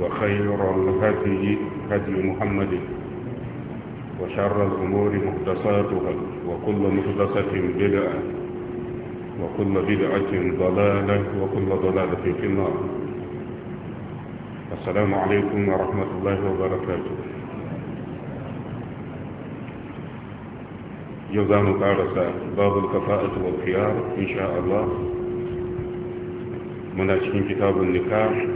وخير الهدي هدي محمد وشر الأمور محدثاتها وكل محدثة بدعة وكل بدعة ضلالة وكل ضلالة في النار السلام عليكم ورحمة الله وبركاته يزام قارس باب الكفاءة والخيار إن شاء الله من أجل كتاب النكاح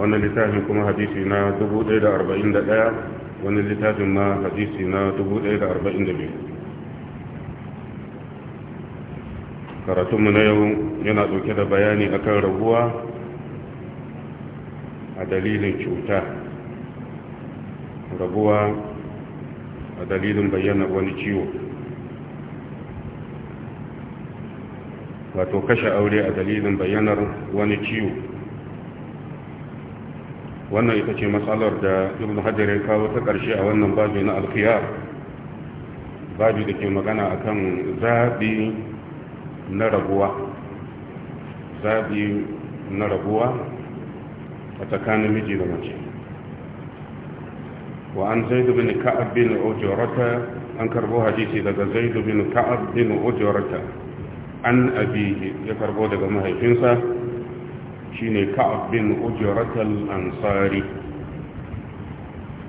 wannan littafin kuma hadisi na 1041 wani littafin ma hadisi na 1042 karatunmu na yau yana ɗauke da bayani akan rabuwa a dalilin cuta rabuwa a dalilin bayyana wani ciwo wato kashe aure a dalilin bayyanar wani ciwo wannan ita ce matsalar da ibn hajar ya kawo ta ƙarshe a wannan babi na alkhiyar babi da ke magana akan zaɓi na rabuwa zaɓi na rabuwa a tsakanin miji da mace wa an zaidu bin ka'ab bin ojiyarata an karbo hadisi daga zaidu bin ka'ab bin ojiyarata an abi ya karbo daga mahaifinsa shine ka'ab bin ujratal ansari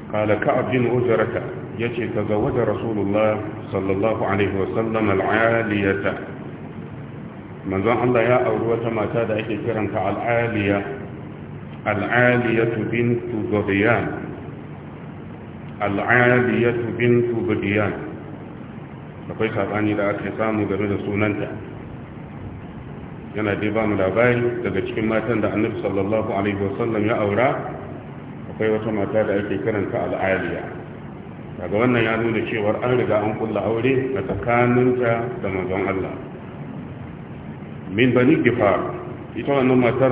qala ka'ab bin ujrata yace tazawaja rasulullah sallallahu alaihi wa sallam al'aliyata manzon Allah ya auri wata mata da ake kiran ta al'aliya al'aliyatu bintu zubiyan al'aliyatu bintu zubiyan da ake samu game da sunanta yana dai ba mu labari daga cikin matan da annabi sallallahu alaihi wasallam ya aura akwai wata mata da ake karanta al'aliya daga wannan ya nuna cewar an riga an kulla aure a tsakaninta da manzon Allah min bani gifar ita wannan matar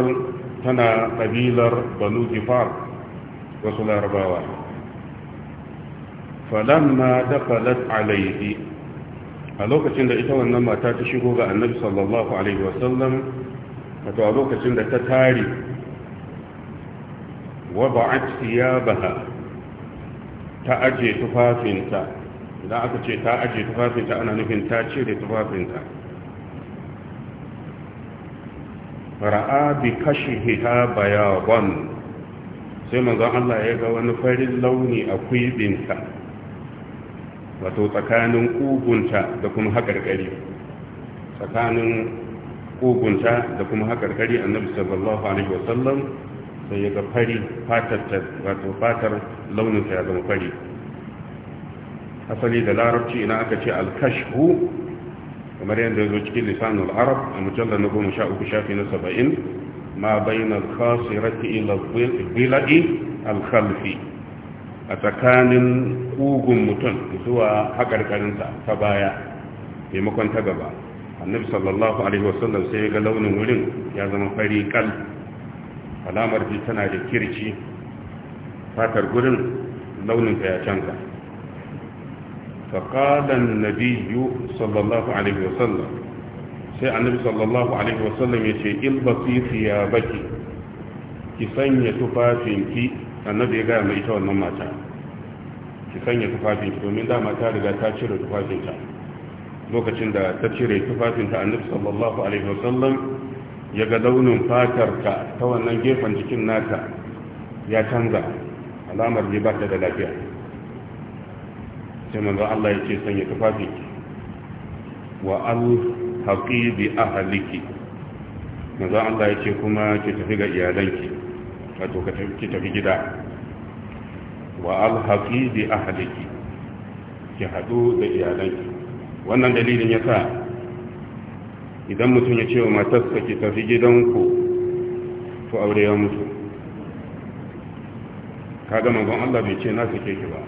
tana kabilar banu gifar wasu larabawa falamma dakalat alaihi a lokacin da ita wannan mata ta shigo ga annabi sallallahu alaihi wasallam wato a lokacin da ta tare wa ya siyabaha ta aje tufafinta idan aka ce ta aje tufafinta ana nufin ta cire tufafinta ra'a bi kashihiha bayaban sai manzon Allah ya ga wani farin launi a kuibinta wato tsakanin ƙugunta da kuma haƙarƙari tsakanin ƙugunta da kuma haƙarƙari annabi sallallahu alaihi wasallam sai ya ga fari fatar wato fatar launinsa ya zama fari asali da larabci ina aka ce alkashhu kamar yadda ya zo cikin lisanul arab a mujallar na goma sha uku shafi na saba'in ma bayan alkhasirati ila bila'i alkhalfi a tsakanin kugun mutum zuwa haƙarƙarinsa ta baya maimakon ta gaba annabi sallallahu alaihi wasallam sai ga launin wurin ya zama fari kal alamar ji tana da kirci fatar gurin launin ta ya canza faƙalan nabiyu sallallahu alaihi wasallam sai annabi sallallahu alaihi wasallam ya ce ilbasi fiya baki ki sanya tufafinki annabi ya gaya mai ita wannan mata ki sanya tufafinki domin dama ta riga ta cire tufafinta lokacin da ta cire tufafinta annabi sallallahu alaihi wasallam ya ga launin fatarka ta wannan gefen jikin nata ya canza alamar ne ba ta da lafiya sai manzo Allah ya ce sanya tufafinki wa haqi bi ahliki manzo Allah ya ce kuma ki tafi ga iyalanki wato ka tafi gida wa alhaqi bi ahliki ki hadu da iyalanki wannan dalilin yasa idan mutum ya ce wa matarsa ki tafi gidanku to aure ya mutu kaga manzon Allah bai ce na sake ki ba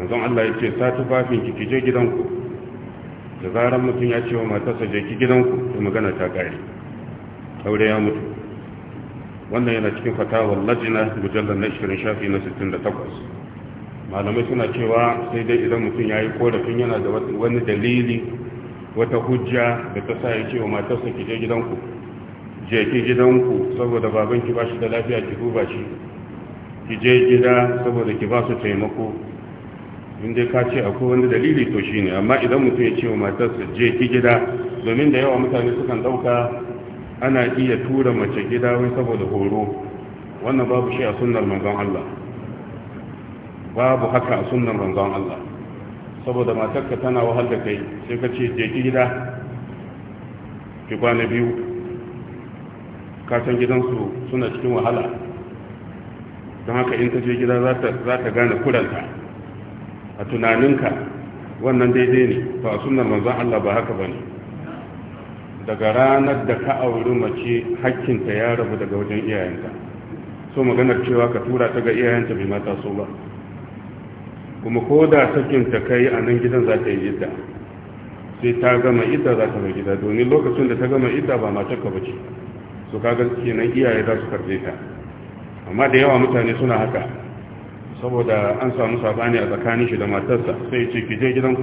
manzon Allah ya ce sa tufafin ki ki je gidanku da zaran mutum ya ce wa matarsa je ki gidanku to magana ta kare aure ya mutu wannan yana cikin fatawar lajina mujallar na 20 shafi na 68 malamai suna cewa sai dai idan mutum ya yi korafin yana da wani dalili wata hujja da ta sa ya ce wa matarsa ki je gidanku je ki gidanku saboda babanki ba shi da lafiya ki duba shi ki je gida saboda ki ba su taimako inda ka ce akwai wani dalili to shine amma idan mutum ya ce wa matarsa je ki gida domin da yawa mutane sukan dauka ana iya tura mace gida wai saboda horo wannan babu shi a sunnar manzon Allah babu haka a sunnar manzon Allah saboda matarka tana wahal da kai sai ka ce je ki gida ki kwana biyu ka san gidansu suna cikin wahala don haka in ta je gida za ta gane kuranta a tunaninka wannan daidai ne to a sunnar manzon Allah ba haka bane daga ranar da ka auri mace hakkinta ya rabu daga wajen iyayenta so maganar cewa ka tura ta ga iyayenta bai mata so ba kuma ko da sakinta kai a nan gidan za ta yi idda sai ta gama idda za ta mai gida domin lokacin da ta gama idda ba matar ka bace so kaga kenan iyaye za su karbe ta amma da yawa mutane suna haka saboda an samu sabani a tsakanin shi da matarsa sai ce ki je gidanku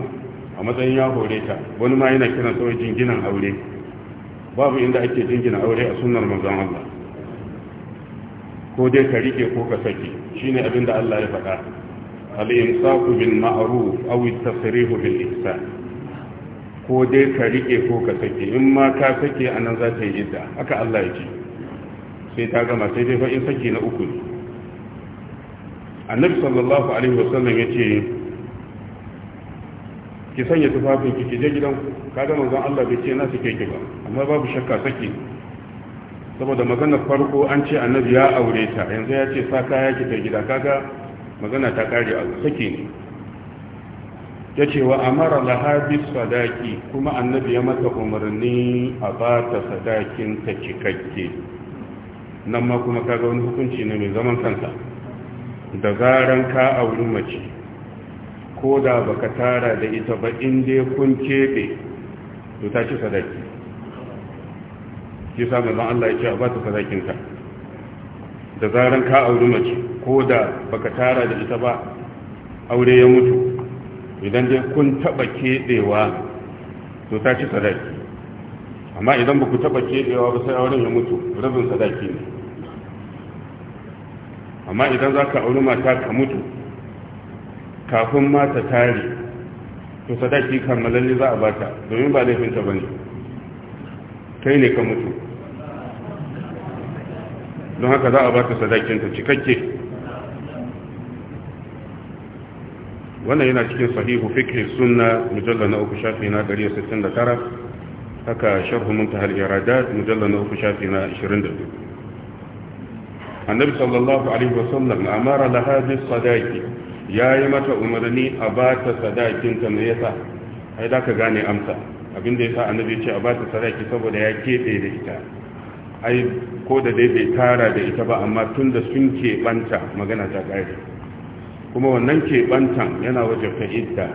a matsayin ya hore ta wani ma yana kiran sauyin jinginan aure babu inda ake jingina aure a sunnar manzon Allah ko dai ka rike ko ka saki shine abin da Allah ya faɗa al insaqu bil ma'ruf aw at-tasrihu bil ihsan ko dai ka rike ko ka saki in ma ka saki anan za ta yi idda haka Allah ya ce sai ta gama sai dai fa in saki na uku ne annabi sallallahu alaihi wasallam ya ce ki sanya tufafin ki je gidan Ka ga manzon Allah bai ce na sake ki ba amma babu shakka saki saboda magana farko an ce annabi ya aure ta yanzu ya ce sa kaya ki ta gida kaga magana ta kare a saki ne ya ce wa amara lahabis sadaki kuma annabi ya mata umarni a ba ta sadakin ta cikakke nan ma kuma kaga wani hukunci ne mai zaman kansa da zaran ka auri mace ko da baka tara da ita ba inda kun keɓe to ta ci sadaki kisa mazan Allah ya ce a ba ta sadakinka da zaran ka auri mace ko da baka tara da ita ba aure ya mutu idan dai kun taɓa keɓewa to ta ci sadaki amma idan ba ku taɓa keɓewa ba sai auren ya mutu rabin sadaki ne amma idan za ka auri mata ka mutu kafin mata ta tare to sadaki kammalalle za a bata domin ba laifinta ba ne kai ne ka mutu don haka za a bata sadakinta cikakke wannan yana cikin sahihu fikri sunna mujalla na uku shafi na 169 haka sharhu muntahal iradat mujalla na uku shafi na 22 annabi sallallahu alaihi wasallam amara laha bis sadaqi ya yi mata umarni a ba ta sadakinta mai yasa ai da ka gane amsa abinda ya sa annabi ce a ba ta sadaki saboda ya keɓe da ita ai ko da dai bai tara da ita ba amma tun da sun keɓanta magana ta ƙari kuma wannan keɓantan yana waje ta idda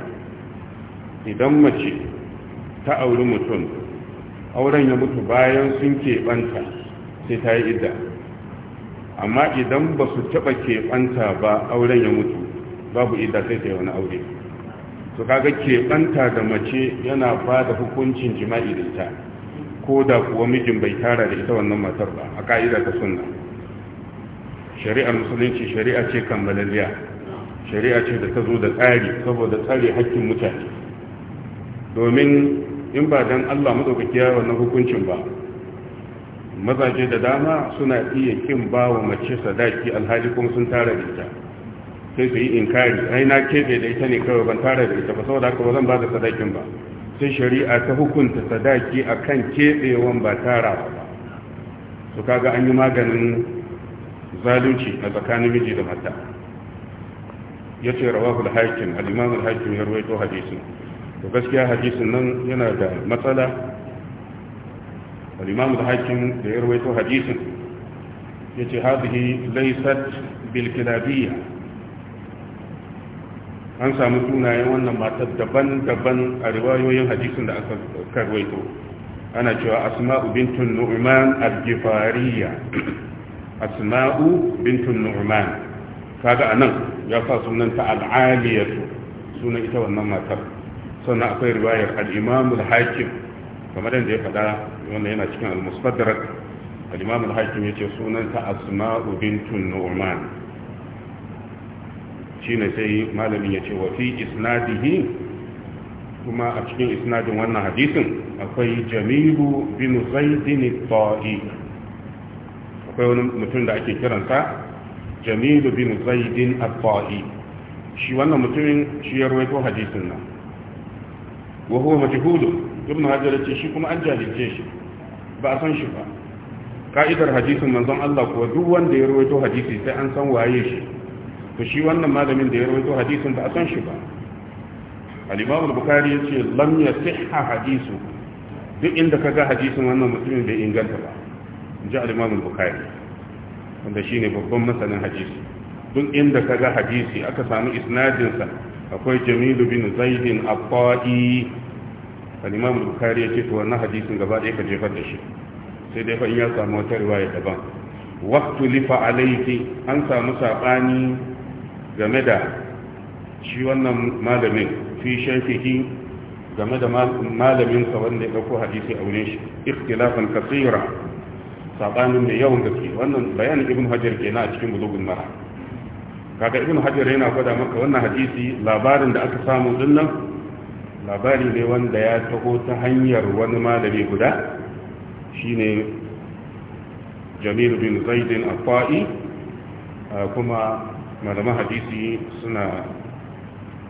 idan mace ta auri mutum auren ya mutu bayan sun keɓanta sai ta yi idda amma idan ba su taɓa keɓanta ba auren ya mutu babu idda sai ta yi wani aure Su kaga keɓanta da mace yana ba da hukuncin jima'i da ita ko da kuwa mijin bai tara da ita wannan matar ba a ka'ida ta sunna shari'ar musulunci shari'a ce kammalaliya shari'a ce da ta zo da tsari saboda tsare hakkin mutane domin in ba dan Allah madaukaki ya wannan hukuncin ba mazaje da dama suna iya kin ba mace sadaki alhali kuma sun tara da ita sai su yi inkari ai na keɓe da ita ne kawai ban tara da ita ba saboda haka ba zan ba da sadakin ba sai shari'a ta hukunta sadaki kan keɓewan ba tara ba su kaga an yi maganin zalunci a tsakanin miji da mata ya ce rawahu da haikin, al-imam ya rawaito hadisin to gaskiya hadisin nan yana da matsala al-imam da ya rawaito hadisin yace hadhihi laisat bil kilabiyya an samu sunayen wannan matar daban-daban a riwayoyin hadisin da aka karwaito ana cewa asma'u bintun nu'man al-gifariya asma'u bintun nu'man kaga anan ya sa ta al-aliyatu sunan ita wannan matar sannan akwai riwayar al-imam al-hakim kamar da ya faɗa wannan yana cikin al-musfaddarat al-imam al-hakim yace ta asma'u bintun nu'man shine sai malamin ya ce wafi fi isnadihi kuma a cikin isnadin wannan hadisin akwai jamilu bin zaidin ta'i akwai wani mutum da ake kiransa jamilu bin zaidin ta'i shi wannan mutumin shi ya rawaito hadisin nan wa huwa majhulun ibn hajar ce shi kuma an jahilce shi ba a san shi ba ka'idar hadisin manzon Allah kuwa duk wanda ya rawaito hadisi sai an san waye shi to shi wannan malamin da ya rawaito hadisin ba a san shi ba al-imam al-bukhari yace lam yasihha hadisu duk inda kaga hadisin wannan mutumin bai inganta ba inji al-imam al-bukhari wanda shine babban masanin hadisi duk inda kaga hadisi aka samu isnadin sa akwai jamil bin zaid al-qadi al-imam al-bukhari yace to wannan hadisin gaba ɗaya ka jefar da shi sai dai fa in ya samu wata riwaya daban waqtu lifa alayki an samu sabani game da shi wannan malamin fi shafihi game da malaminsa wanda ya ɗauko hadisi a wurin shi ikhtilafan kasira sabanin da yawan gaske wannan bayanin ibn hajar kenan a cikin bulugun mara kaga ibn hajar yana gwada maka wannan hadisi labarin da aka samu dinnan labari ne wanda ya taho ta hanyar wani malami guda shine jamil bin zaidin afa'i kuma malaman hadisi suna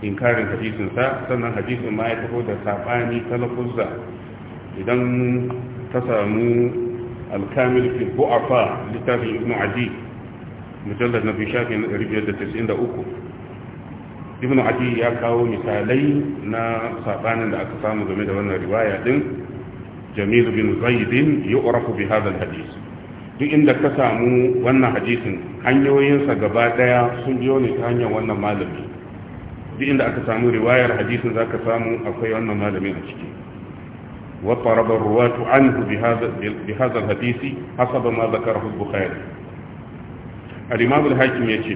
inkarin hadisinsa sannan hadisin ma ya taho da saɓani talakuzza idan ta samu alkamil fi bu'afa littafin ibn aji mujallar na fi shafi na 593 ibn aji ya kawo misalai na saɓanin da aka samu game da wannan riwaya din jamilu bin zaidin yi urafu bi hadal hadisi duk inda ka samu wannan hadisin hanyoyinsa gaba daya sun biyo ne ta hanyar wannan malami duk inda aka samu riwayar hadisin za ka samu akwai wannan malamin a ciki wata rabar ruwatu an bi hazar hadisi hasaba ma zakar bukhari al-imamul hakim ya ce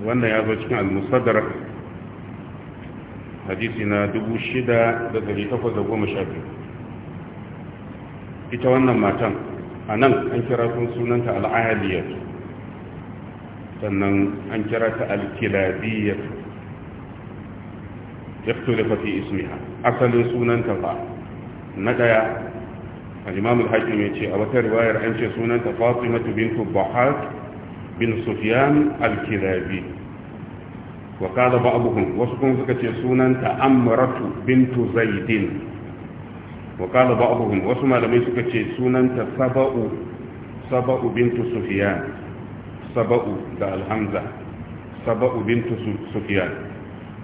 wannan ya zo cikin al-musaddar hadisi na 6812 ita wannan matan a nan an kira sun sunanta al'ahadiyar sannan an kira ta alkiladiyar ya fito da ismiha asalin sunanta fa na ɗaya al'imamul haƙi mai ce a wata riwayar an ce sunanta fatimatu bin tubahat bin sufiyan alkilabi wa kada ba abubuwan wasu kun suka ce sunanta amratu bintu zaidin wa qala ba'dhum wasu malamai suka ce sunanta saba'u bintu sufyan saba'u da alhamza saba'u bintu sufyan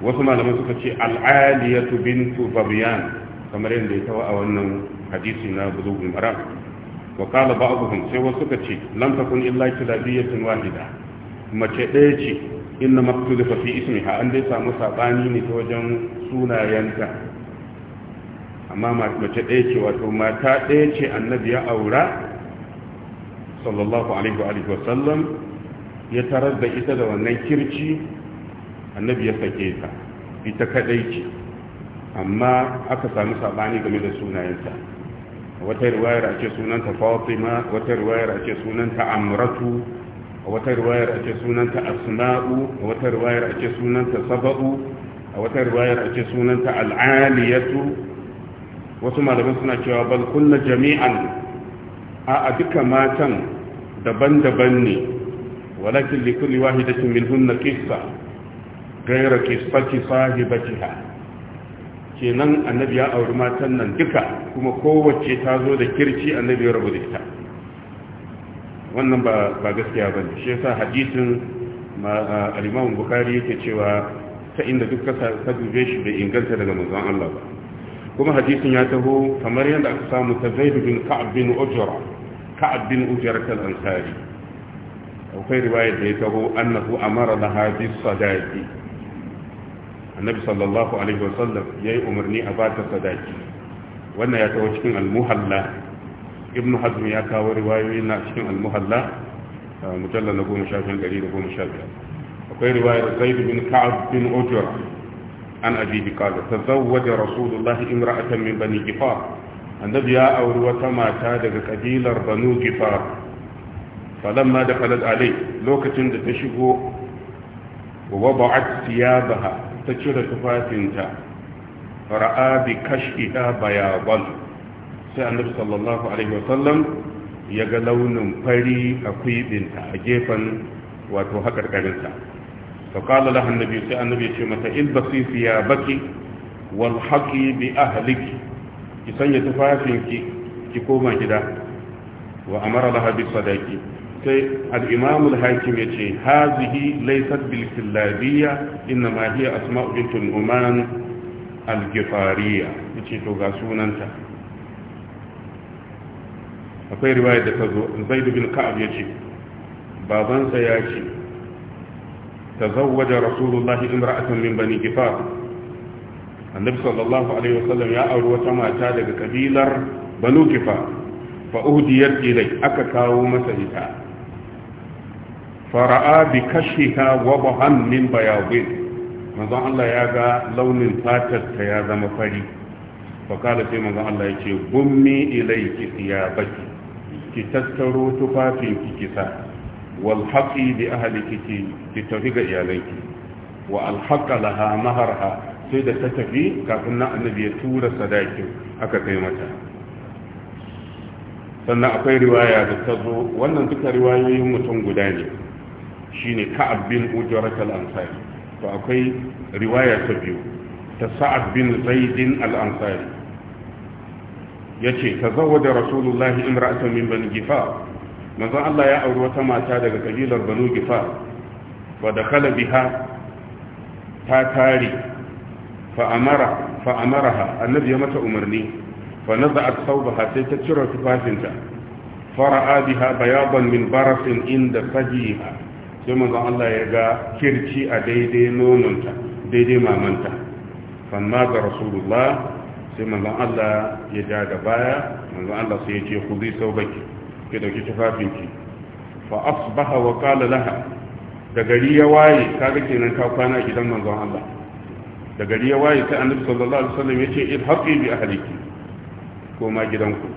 wasu malamai suka ce al'aliyatu bintu babiyan kamar yadda ya tawa a wannan hadisi na buzugul maram wa qala ba'dhum sai suka ce lam takun illa kilabiyatun wahida mace ɗaya ce inna maktulifa fi an dai samu sabani ne ta wajen sunayenta amma mace ɗaya ce wato mata ɗaya ce annabi ya aura sallallahu alaihi wa sallam. ya tarar da ita da wannan kirci annabi ya sake ta ita kadai ce amma aka sami saɓani game da sunayenta wata riwayar a ce sunanta fatima wata riwayar a ce sunanta amratu wata riwayar a ce sunanta asma'u wata riwayar a ce sunanta saba'u a wata riwayar a ce sunanta al'aliyatu wasu malamin suna cewa bal kunna jami'an a duka matan daban-daban ne walakin li kulli wahidatin hunna qissa ghayra qissati sahibatiha kenan annabi ya auri matan nan duka kuma kowace ta zo da kirci annabi ya rubuta ta wannan ba ba gaskiya bane shi yasa hadisin al-Imam Bukhari yake cewa ta inda duk ka dube shi bai inganta daga manzon Allah ba kuma hadisin ya taho kamar yadda aka samu ta zaidu bin ka'ab bin ujra ka'ab bin ujra kal ansari akwai riwaya da ya taho annahu amara da hadis sadaqi annabi sallallahu alaihi wasallam yayi umarni a bata sadaqi wannan ya taho cikin al-muhalla ibn hazm ya kawo riwayoyi na cikin al-muhalla mujallal na 10 shafin 115 akwai riwayar zaid bin ka'ab bin ujra an abihi qala tazawwaja rasulullahi imra'atan min bani gifar annabi ya auri wata mata daga kabilar banu gifar falamma dakhalat alai lokacin da ta shigo wa wada'at thiyabaha ta cire tufafinta ra'a bi kashfiha bayadan sai annabi sallallahu alaihi wasallam ya ga launin fari a kwibinta a gefen wato haƙarƙarinta fa qala sai annabi ya ce mata ilbasi thiyabaki wal haqi bi ahliki ki sanya tufafinki ki koma gida wa amara laha bi sadaqi sai al-imam al-hakim yace hazihi laysat bil killabiyya inma hiya asma'u bint al-uman akwai riwaya da tazo zaid bin ka'ab yace babansa ya ce تزوج رسول الله امرأة من بني كفار النبي صلى الله عليه وسلم يا أولو تما تالك كبيلر بنو كفار فأهديت إليه أككاو مسجدها فرأى بكشها وضحا من بياض manzon Allah ya ga launin fatarta ya zama fari fakala sai manzon Allah ya ce gummi ilaiki ya baki ki tattaro tufafinki kisa walhaƙi bi ahaliki ki tafi ga iyalanki wa alhaƙa laha maharha sai da ta tafi kafin na annabi tura sadakin aka kai mata sannan akwai riwaya da ta zo wannan duka riwayoyin mutum guda ne shine ka'ab bin ujrat al to akwai riwaya ta biyu ta sa'ad bin zaid al-ansari yace tazawwaja rasulullahi in min bani gifar manzon Allah ya auri wata mata daga kabilar Banu Gifar wa kala biha ta tare fa amara fa amaraha annabi ya mata umarni fa naza'at thawbaha sai ta cire tufafinta fara'a biha bayadan min barasin inda sajiha sai manzon Allah ya ga kirci a daidai nononta daidai mamanta fanna ga rasulullah sai manzon Allah ya ja da baya manzon Allah sai ya ce zai thawbaki ki dauki tufafin ki fa asbaha wa qala laha da gari ya waye kaga kenan ka kwana gidan manzon Allah da gari ya waye sai annabi sallallahu alaihi wasallam yace idhaqi bi ahliki koma gidanku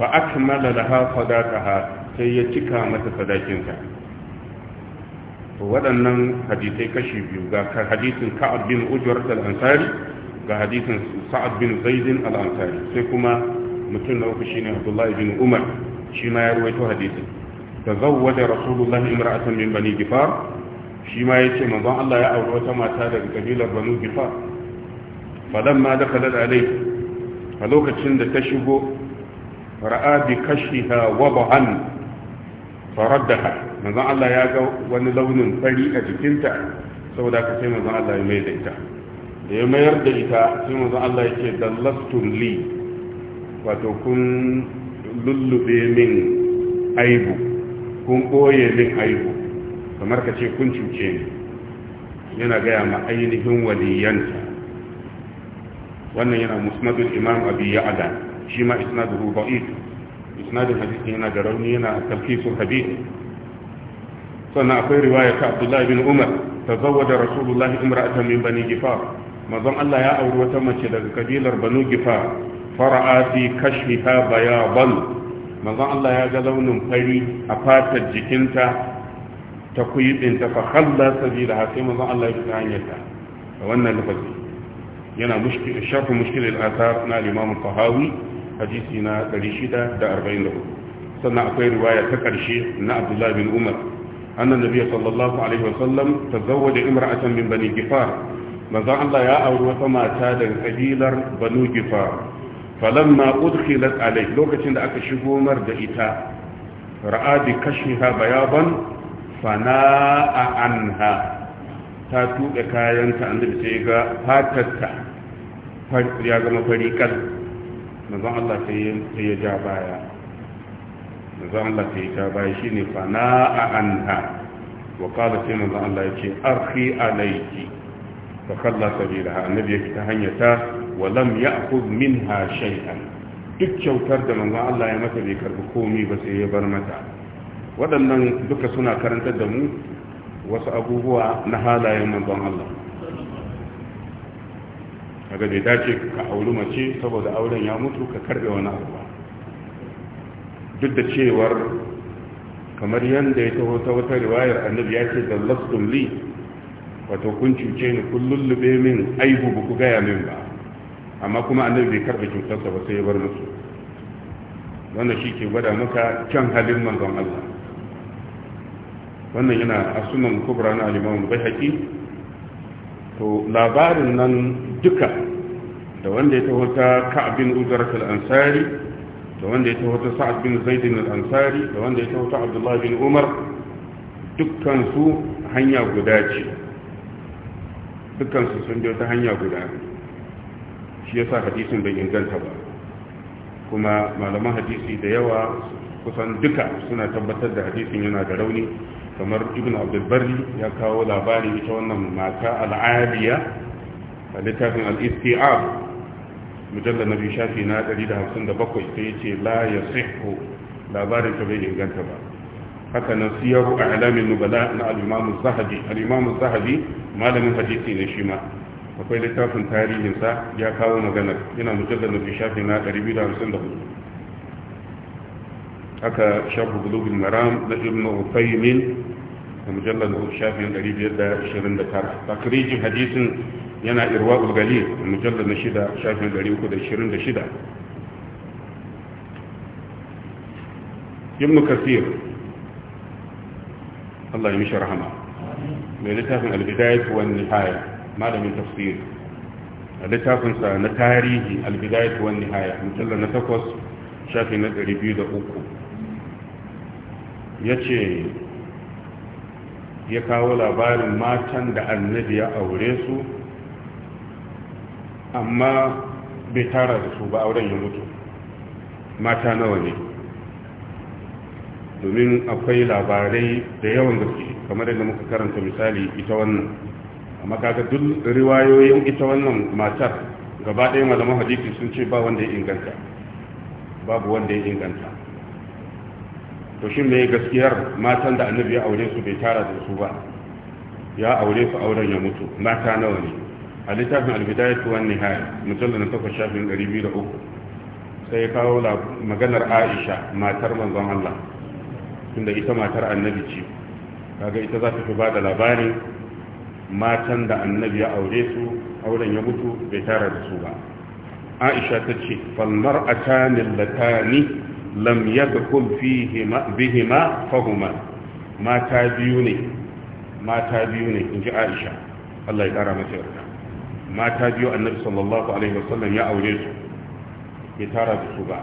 fa akmala laha sadaqaha sai ya cika mata sadakinta to waɗannan hadisai kashi biyu ga hadisin Ka'ab bin Ujwar al-Ansari ga hadisin Sa'ad bin Zaidin al-Ansari sai kuma mutum na uku shine Abdullah bin Umar shi ma ya ruwaito hadisin tazawwaja rasulullahi imra'atan min bani gifar shi ma yace manzon Allah ya aure wata mata daga kabilar banu gifar falamma dakhalat alayhi a lokacin da ta shigo ra'a bi kashiha wad'an faraddaha manzon Allah ya ga wani launin fari a jikinta saboda ka sai manzon Allah ya mai da ita da ya mayar da ita sai manzon Allah yake dallastum li wato kun lullube min aibu kun ɓoye min aibu kamar ka ce kun cuce ni yana gaya ma ainihin waliyanta wannan yana musnadul imam abi ya'da shi ma isnaduhu da'if isnadul hadisi yana da rauni yana talfisul hadith sannan akwai riwaya ta abdullahi bin umar tazawwaja rasulullahi imra'atan min bani gifar manzon Allah ya auri wata mace daga kabilar banu gifar fara'a fi kashfiha bayaban manzon Allah ya ga launin fari a fatar jikinta ta kuyibinta fa khalla sabila sai manzon Allah ya fita hanyarta da wannan lafazi yana mushkil shafu mushkil al-athar na al-imam al-tahawi hadisi na 644 sannan akwai riwaya ta karshe na Abdullah bin Umar anna nabiy sallallahu alaihi wa wasallam tazawwaja imra'atan min bani gifar manzon Allah ya auri wata mata daga kabilar banu gifar falamma udkhilat alai lokacin da aka shigo mar da ita ra'a bi kashiha bayaban fana'a anha ta tuɓe kayanta annabi sai ga fatarta ya zama fariƙal manzon Allah sai ya ja baya manzon Allah sai ya ja baya shine fana'a anha wa qala sai manzon Allah yace arhi alayki fa khalla sabilaha annabi yake ta hanyata wa lam ya'khudh minha shay'an duk kyautar da manzon Allah ya mata bai karbi komai ba sai ya bar mata waɗannan duka suna karantar da mu wasu abubuwa na halayen manzon Allah kaga bai dace ka auri mace saboda auren ya mutu ka karbe wani abu ba duk da cewar kamar yadda ya taho ta wata riwayar annabi ya ce da lastun li wato kun cuce ni kun lullube min aibu ba ku gaya min ba amma kuma annabi bai karɓi kyautarsa ba sai ya bar musu wannan shi ke gwada maka kyan halin manzon Allah wannan yana a sunan kubra na alimamun bai haƙi to labarin nan duka da wanda ya taho ta ka'abin uzarat al-ansari da wanda ya taho ta sa'ad bin zaidin al-ansari da wanda ya taho ta abdullahi bin umar dukkan su hanya guda ce dukkan su sun biyo ta hanya guda ne shi yasa hadisin bai inganta ba kuma malaman hadisi da yawa kusan duka suna tabbatar da hadisin yana da rauni kamar ibn abdulbari ya kawo labari ita wannan mata al'adiya a littafin al'isti'ar mujallar na biyu shafi na 157 ta yi ce la ya sihu labarin ta bai inganta ba haka na siyar a alamin nubala na al'imamun zahabi al'imamun zahabi malamin hadisi ne shi ma akwai littafin tarihinsa ya kawo maganar yana mujallar na shafi na 254 aka shafi bulugin maram na ibn ufaimin da mujallar na bishafi na 529 takirijin hadisin yana irwa ulgali da mujallar na shida shafin 326 ibn kasir Allah ya mishi rahama mai littafin albidayat wa nihaya malamin tafsir a littafinsa na tarihi albidayat wan nihaya Mutalla na takwas shafi na 203 yace ya kawo labarin matan da annabi ya aure su amma bai tara da su ba auren ya mutu mata nawa ne domin akwai labarai da yawan gaske kamar yadda muka karanta misali ita wannan amma kaga duk riwayoyin ita wannan matar gaba ɗaya malaman hadisi sun ce ba wanda ya inganta babu wanda ya inganta to shin me gaskiyar matan da annabi ya aure su bai tara da su ba ya aure su auren ya mutu mata nawa ne a littafin albidayatu wani nihaya mutum na takwas shafin ɗari biyu da uku. sai kawo maganar aisha matar manzon Allah tunda ita matar annabi ce kaga ita za ta fi ba da labarin matan da annabi ya aure su auren ya mutu bai tara da su ba aisha ta ce falmar a tanin latani lam ya ga kulfi bihima fahuma mata biyu ne mata biyu ne in ji aisha allah ya kara mata yarda mata biyu annabi sallallahu alaihi wasallam ya aure su Bai tara da su ba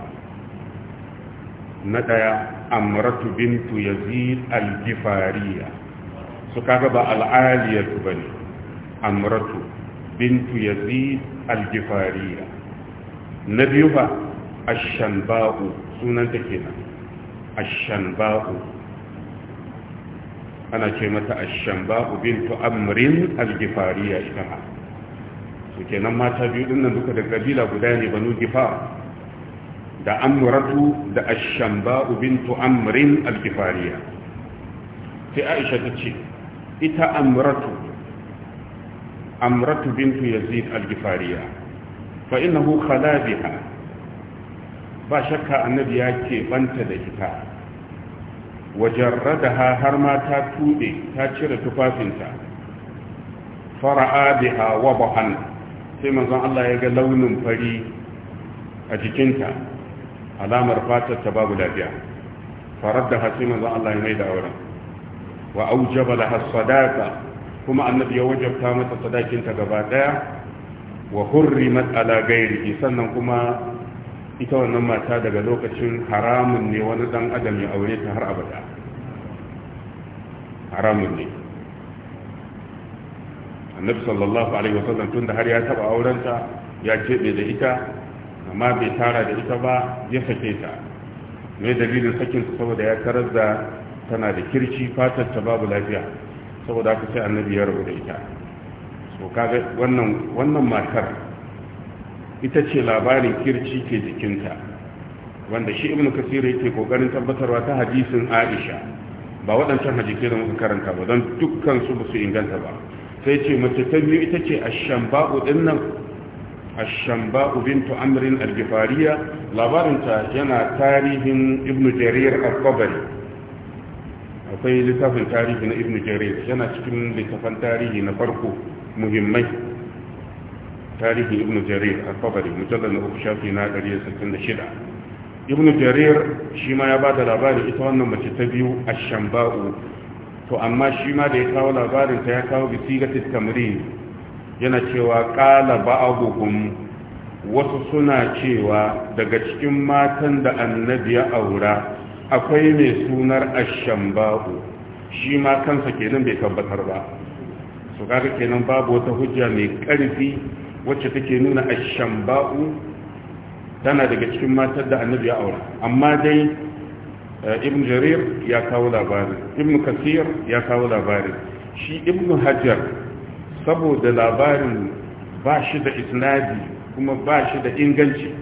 na daya amratu bintu yazid al-gifariya su kaga ba al'aliyatu ne. amratu bintu yazid al-gifariya na biyu ba ashanba'u sunanta kenan ba'u. ana ce mata ba'u bintu amrin al-gifariya ita ha. su kenan mata biyu din nan duka da kabila guda ne banu gifar da amratu da ba'u bintu amrin al-gifariya sai aisha ta ce ita amratu amratu bintu yazid al-gifariya fa innahu khala ba shakka annabi ya ke banta da ita wajarradaha har ma ta tuɗe ta cire tufafinta fara'a biha wadahan sai manzon Allah ya ga launin fari a jikinta alamar fatar ta babu lafiya faradda sai manzon Allah ya mai da auren wa aujaba laha sadaqa kuma annabi ya wajabta mata sadakin ta gaba daya wa hurrimat ala ghairihi sannan kuma ita wannan mata daga lokacin haramun ne wani dan adam ya aure ta har abada haramun ne annabi sallallahu alaihi wasallam tun da har ya taba aurenta ya keɓe da ita amma bai tara da ita ba ya sake ta mai dalilin sakin saboda ya tarar da tana da kirci fatar ta babu lafiya saboda aka ce annabi ya rabu da ita so kaga wannan wannan matar ita ce labarin kirci ke jikinta wanda shi ibnu kasir yake kokarin tabbatarwa ta hadisin aisha ba waɗancan hadisai da muka karanta ba don dukkan su ba su inganta ba sai ce mace ta biyu ita ce ashamba'u dinnan ashamba'u bintu amrin al-gifariya labarinta yana tarihin ibnu jarir al-qabari akwai littafin tarihi na ibn jarir yana cikin littafan tarihi na farko muhimmai tarihi ibn jarir a kabari mujallar na uku shafi na 166 ibn jarir shi ma ya ba da labarin ita wannan mace ta biyu a shamba'u to amma shi ma da ya kawo labarin ta ya kawo ga tattamri yana cewa kala abubuwan wasu suna cewa daga cikin matan da annabi ya aura akwai mai sunar ashamba'u shi ma kansa kenan bai tabbatar ba su kaga kenan babu wata hujja mai karfi wacce take nuna ashamba'u tana daga cikin matar da annabi ya aura amma dai eh, ibn jarir ya kawo labarin ibn kasir ya kawo labarin shi ibn hajar saboda labarin ba shi da isnadi kuma ba shi da inganci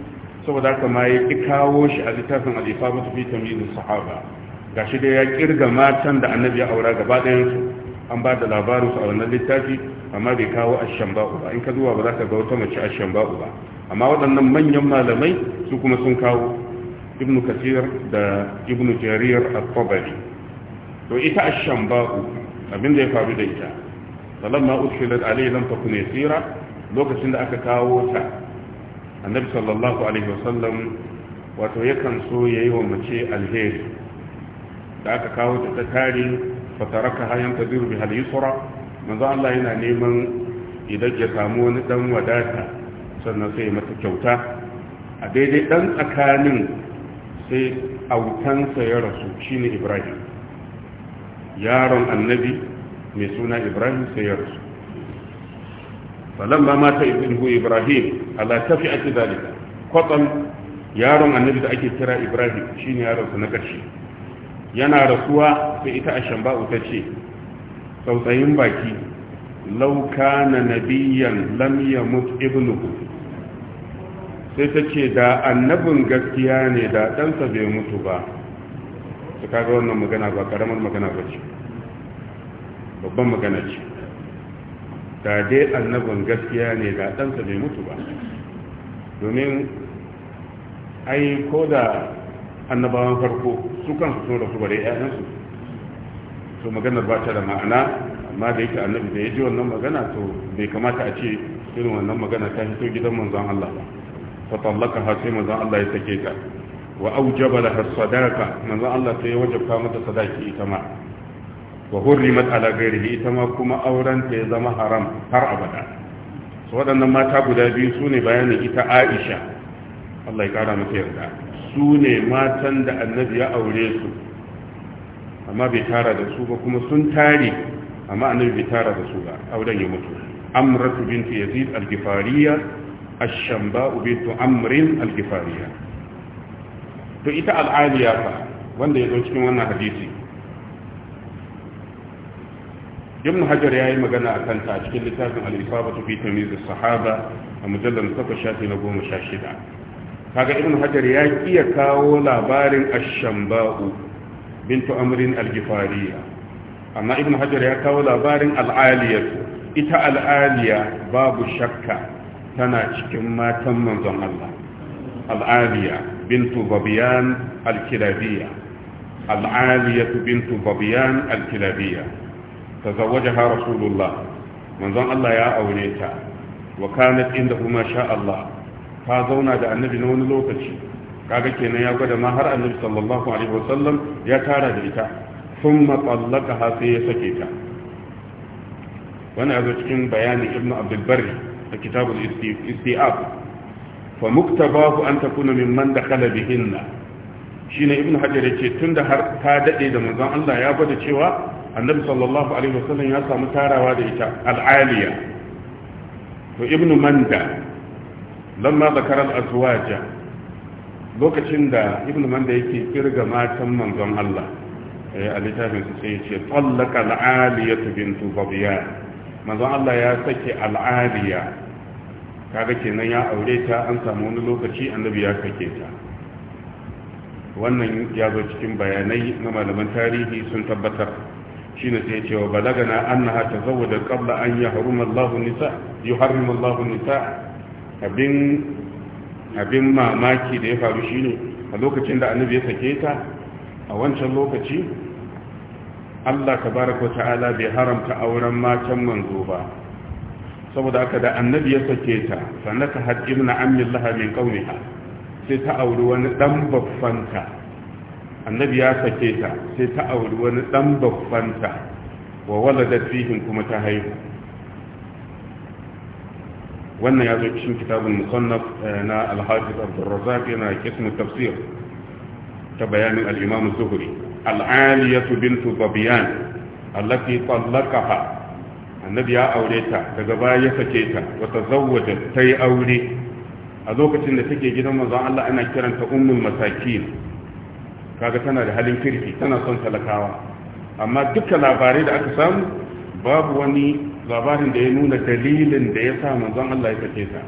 saboda haka ma ya kawo shi a littafin alifa mutu fi tamizin sahaba ga shi da ya kirga matan da annabi ya aura gaba su an ba da labarin su a wannan littafi amma bai kawo ashamba'u ba in ka zuwa ba za ka ga wata mace ashamba'u ba amma waɗannan manyan malamai su kuma sun kawo ibnu kasir da ibnu jarir al tabari to ita ashamba'u abin da ya faru da ita falamma ushilat alayhi lam takun yasira lokacin da aka kawo ta annabi sallallahu alaihi wasallam wato yakan so yayi wa mace alheri da aka kawo ta ta tare fataraka hayan tadir bi halisura. manzo Allah yana neman idan ya samu wani dan wadata sannan sai mata kyauta a daidai dan tsakanin sai autansa ya rasu shine Ibrahim yaron annabi mai suna Ibrahim sai ya rasu falamma mata ibnu ibrahim ala tafi'ati zalika kwatsam yaron annabi da ake kira ibrahim shine yaron sa na karshe yana rasuwa sai ita ashamba'u ta ce sautsayin baki law kana nabiyyan lam yamut ibnuhu sai ta ce da annabin gaskiya ne da ɗansa bai mutu ba su kaga wannan magana ba ƙaramar magana ba ce babban magana ce da dai annabin gaskiya ne da ɗansa bai mutu ba domin ai ko da annabawan farko su kansu sun rasu bare ƴaƴansu to maganar ba ta da ma'ana amma da yake annabi da ya ji wannan magana to bai kamata a ce irin wannan magana ta fito gidan manzon Allah ba fa tallaka ha sai manzon Allah ya sake ta wa aujaba laha sadaqa manzon Allah sai ya wajabta mata sadaki ita ma wa hurrimat ala ghairihi ita ma kuma auren ta ya zama haram har abada su waɗannan mata guda biyu su ne bayanin ita aisha Allah ya ƙara mata yarda su ne matan da annabi ya aure su amma bai tara da su ba kuma sun tare amma annabi bai tara da su ba auren ya mutu amratu Bintu yazid al-gifariya ash-shamba'u bintu amrin al-gifariya to ita al-aliya fa wanda ya zo cikin wannan hadisi ibn hajar ya yi magana a kanta a cikin littafin al'ifaba ta fita da sahaba a mujallar saka shafi na goma sha shida kaga ibn hajar ya iya kawo labarin ashamba'u bintu amrin algifariya amma ibn hajar ya kawo labarin al'aliyatu ita al'aliya babu shakka tana cikin matan manzon Allah al'aliya bintu babiyan al-kilabiya al'aliyatu bintu babiyan al-kilabiya tazawwajaha rasulullah manzon Allah ya aure ta wa kanat inda kuma sha Allah Ka zauna da annabi na wani lokaci kaga kenan ya gwada ma har annabi sallallahu alaihi wasallam ya tara da ita thumma tallaqaha sai ya sake ta wannan yazo cikin bayanin ibnu abdul barri da kitabul istiab fa muktabahu an takuna mimman dakhala bihinna shine ibnu hajar yace tunda har ta daɗe da manzon Allah ya gwada cewa annabi sallallahu alaihi wasallam ya samu tarawa da ita al'aliya to ibnu manda lamma zakara al-azwaja lokacin da ibnu manda yake kirga matan manzon Allah eh, a littafin su sai ce tallaka al'aliyatu bintu babiya manzon Allah ya sake al'aliya kaga kenan ya aure ta an samu wani lokaci annabi ya sake ta wannan ya zo cikin bayanai na malaman tarihi sun tabbatar shine sai ya ce wa na annaha saboda kabla an yahruma Allahu nisa nisa abin mamaki da ya faru shine a lokacin da annabi ya sake ta a wancan lokaci Allah tabaraka ta'ala bai haramta auren matan manzo ba saboda aka da annabi ya sake ta sanaka had na ammi Allah min qaumiha sai ta auri wani ɗan baffanta annabi ya sake ta sai ta auri wani dan babbanta wa waladat fihim kuma ta haihu wannan ya zo cikin kitabun musannaf eh, na al-hafiz abdurrazzaq yana kismu tafsir ta bayanin al-imam az-zuhri al-aliyatu bintu babiyan allati talaqaha annabi ya aure ta daga baya ya sake ta wa tazawwaja tai aure a lokacin da take gidan manzon Allah ana kiranta ummul masakin kaga tana da halin kirki tana son talakawa amma duka labarai da aka samu babu wani labarin da ya nuna dalilin da ya sa manzon Allah ya sake ta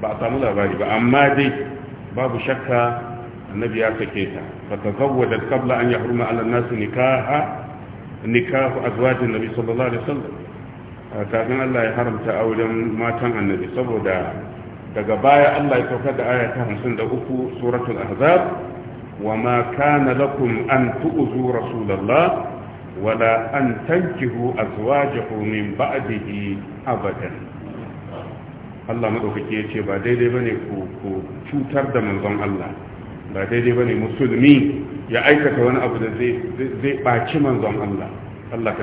ba a samu labari ba amma dai babu shakka annabi ya sake ta fa tazawwaja qabla an yahruma ala an-nas nikaha nikahu azwajin nabi sallallahu alaihi wasallam kafin Allah ya haramta auren matan annabi saboda daga baya Allah ya saukar da aya ta 53 suratul ahzab وما كان لكم أن تؤذوا رسول الله ولا أن تنكهوا أزواجه من بعده أبدا Allah maɗaukaki ya ce ba daidai ba ne ku cutar da manzon Allah ba daidai ba ne musulmi ya aikata wani abu da zai ɓaci manzon Allah Allah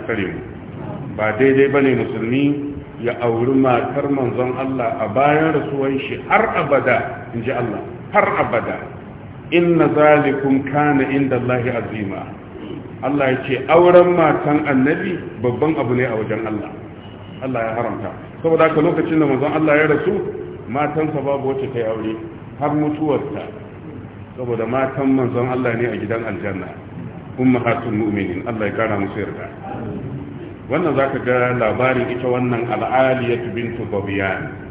ba daidai ba ne musulmi ya auri matar manzon Allah a bayan rasuwan shi har Allah har abada inna zalikum kana inda Allah azima Allah ya ce auren matan annabi babban abu ne a wajen Allah Allah ya haramta saboda haka lokacin da manzon Allah ya rasu matansa babu wacce ta aure har mutuwarta saboda matan manzon Allah ne a gidan aljanna ummahatul mu'minin Allah ya kara musu yarda wannan zaka ga labarin ita wannan al'aliyat bintu babiyan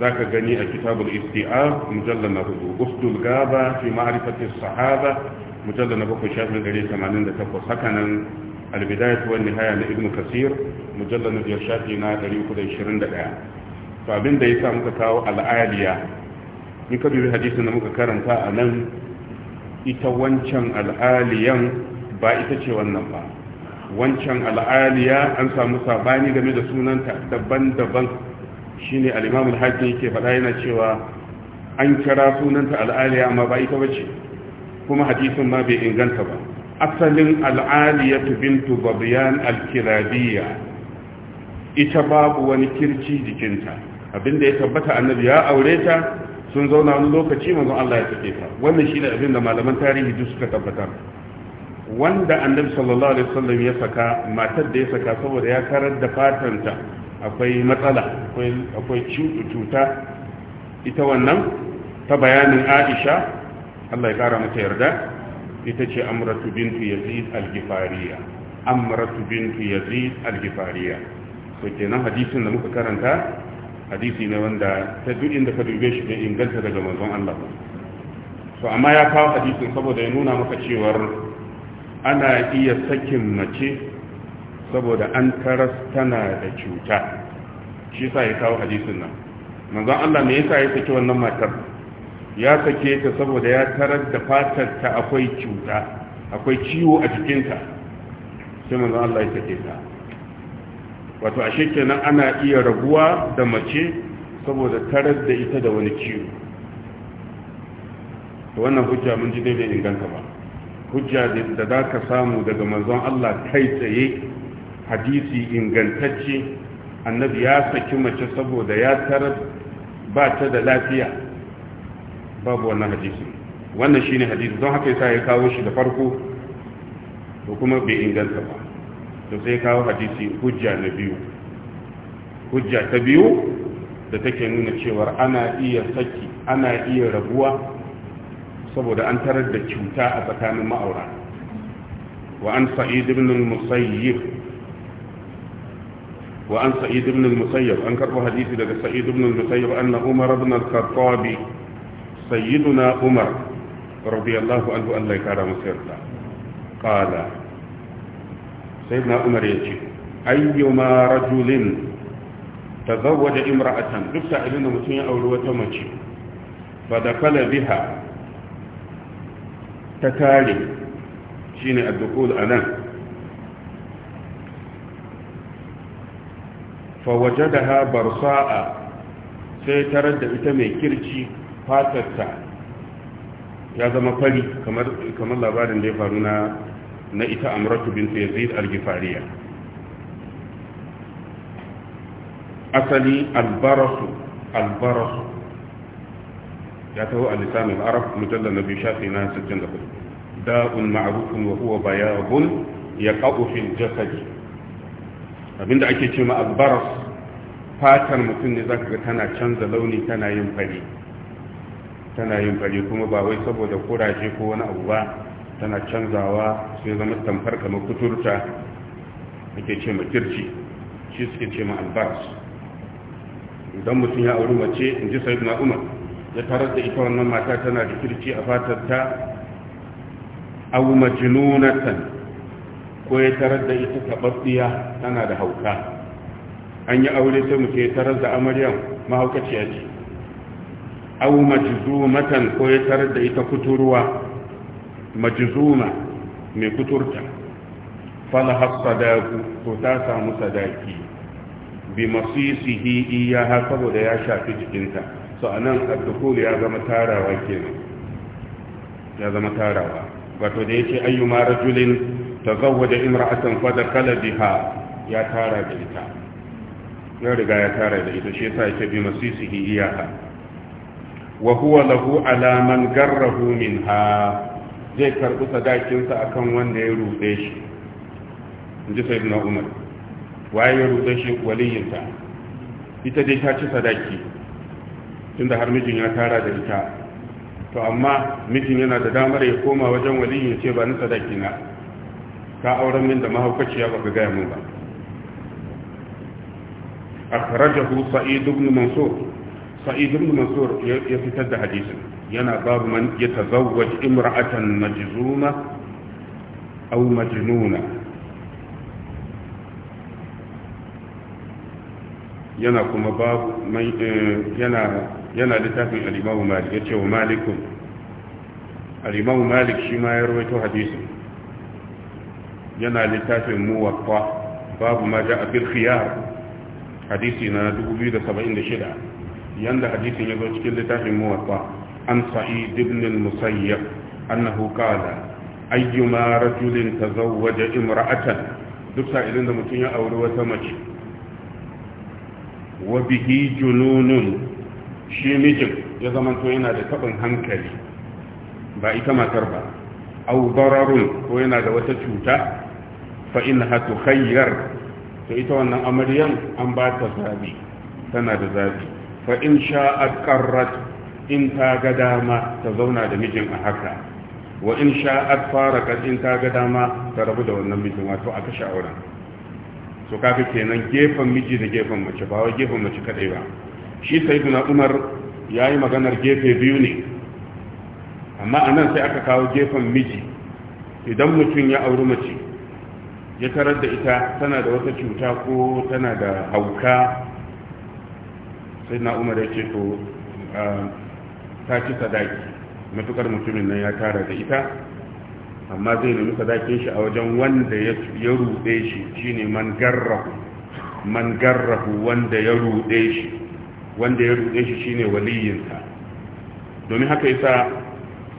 ذاك غني كتاب الاستيعاب مجلد نبوه أسد الغابة في معرفة الصحابة مجلد نبوه شاف من قريب 88 سكنا البداية والنهاية لابن كثير مجلد نبوه شاف لنا قريب 21 دقيقة فابن ديسا مكتاو العالية in ka dubi hadisin da muka karanta a nan ita wancan al'aliyan ba ita ce wannan ba wancan al'aliya an samu sabani game da sunanta daban-daban shine ne imam al yake faɗa yana cewa an kira sunanta al amma ba ita bace kuma hadisin ma bai inganta ba asalin al bintu babyan al-kilabiyya ita babu wani kirci jikinta abinda ya tabbata annabi ya aure ta sun zauna wani lokaci manzon Allah ya take ta wannan shine abin da malaman tarihi duk suka tabbatar wanda annabi sallallahu alaihi wasallam ya saka matar da ya saka saboda ya karar da fatanta akwai matsala akwai cuta ita wannan ta bayanin aisha allah ya kara mata yarda ita ce amratu bintu yazid al-gifariya amratu bintu yazid al-gifariya so kenan hadisin da muka karanta hadisi ne wanda ta duk inda ka dube shi bai inganta daga manzon Allah ba so amma ya kawo hadisin saboda ya nuna maka cewar ana iya sakin mace saboda an taras tana da cuta shi sa ya kawo hadisin nan manzon Allah me yasa ya saki wannan matar ya sake ta saboda ya tarar da fatar ta akwai cuta akwai ciwo a jikinta sai manzon Allah ya sake ta wato ashe kenan ana iya rabuwa da mace saboda tarar da ita da wani ciwo to wannan hujja mun ji daidai inganta ba hujja da za ka samu daga manzon Allah kai tsaye hadisi ingantacce annabi ya saki mace saboda ya tarar ba ta da lafiya babu wannan hadisi wannan shine hadisi don haka yasa ya kawo shi da farko ko kuma bai inganta ba to sai ya kawo hadisi hujja na biyu hujja ta biyu da take nuna cewar ana iya saki ana iya rabuwa saboda an tarar da cuta a tsakanin ma'aura wa an sa'id ibn al-musayyib وعن سعيد بن المسيب أنكر حديث لك سعيد بن المسيب أن عمر بن الخطاب سيدنا عمر رضي الله عنه أن لا يكرم سيرته قال سيدنا عمر يجي أيما رجل تزوج امرأة دفت إلينا متين أو لوتمتي فدخل بها تتالي شين الدخول أنا fawajadaha barsa'a sai tarar da ita mai kirci fatarta ya zama fari kamar labarin da ya faru na na ita amratu bint yazid al-gifariya asali albarasu albarasu ya taho a lisanin arab mujallar na biyu shafi na 64 da'un ma'arufin wa huwa bayabun ya ƙa'ufin jasadi abinda ake ce ma albaras fatar mutum ne zaka ga tana canza launi tana yin fari tana yin fari kuma ba wai saboda kuraje ko wani abu ba tana canzawa sai zama tamfar kamar kuturta ake ce ma kirci shi suke ce ma albaras idan mutum ya auri mace in ji na umar ya tarar da ita wannan mata tana da kirci a fatar ta aw majnunatan ko ya tarar da ita taɓaɓɓiya tana da hauka an yi aure sai muke tarar da amaryan mahaukaciya ce au majzumatan ko ya tarar da ita kuturuwa majzuma mai kuturta falahar sadaku to ta samu sadaki bi masisihi iyaha saboda ya shafi jikinta so a nan abdukul ya zama tarawa kenan ya zama tarawa wato da ya ce ayyuma rajulin tazawwaja imra'atan fa dakala biha ya tara da ita ya riga ya tara da ita shi yasa yake bi masisihi iyaha wa huwa lahu ala man garrahu minha zai karbi sadakin sa akan wanda ya rufe shi inji sayyidina umar waye ya rufe shi waliyinta ita dai ta ci sadaki tunda har mijin ya tara da ita to amma mijin yana da damar ya koma wajen waliyin ce ba ni sadaki na ka auren min da mahaukaciya ba ka gaya mun ba akhrajahu sa'id ibn mansur sa'id ibn mansur ya fitar da hadisin yana babu man ya tazawwaj imra'atan majzuma aw majnuna yana kuma babu eh, yana yana littafin al-imam malik yace wa malikun al-imam malik shi ma ya rawaito hadisin yana littafin muwaffa babu ma ja a khiyar hadisi na 2076 yanda hadisin ya zo cikin littafin muwaffa an sa'i ibn al-musayyab annahu qala ayyuma rajulin tazawwaja imra'atan duk sa'ilin da mutum ya auri wata mace wa bihi jununun shi mijin ya zamanto yana da tabin hankali ba ita matar ba au dararun ko yana da wata cuta fa tu khayyar to ita wannan amaryan an ba ta zabi tana da zabi fa in sha'at qarrat in ta ga dama ta zauna da mijin a haka wa in sha'at faraqat in ta ga dama ta rabu da wannan mijin wato aka auren. so kafi kenan gefen miji da gefen mace ba wai gefen mace kadai ba shi sayyiduna umar yayi maganar gefe biyu ne amma anan sai aka kawo gefen miji idan mutum ya auri mace ya tarar da ita tana da wata cuta ko tana da hauka sai na umar ya ce to ta ci sadaki matukar mutumin nan ya tara da ita amma zai nemi sadakin shi a wajen wanda ya rude shi shine man garrahu man garrahu wanda ya rude shi wanda ya rude shi shine waliyinsa domin haka yasa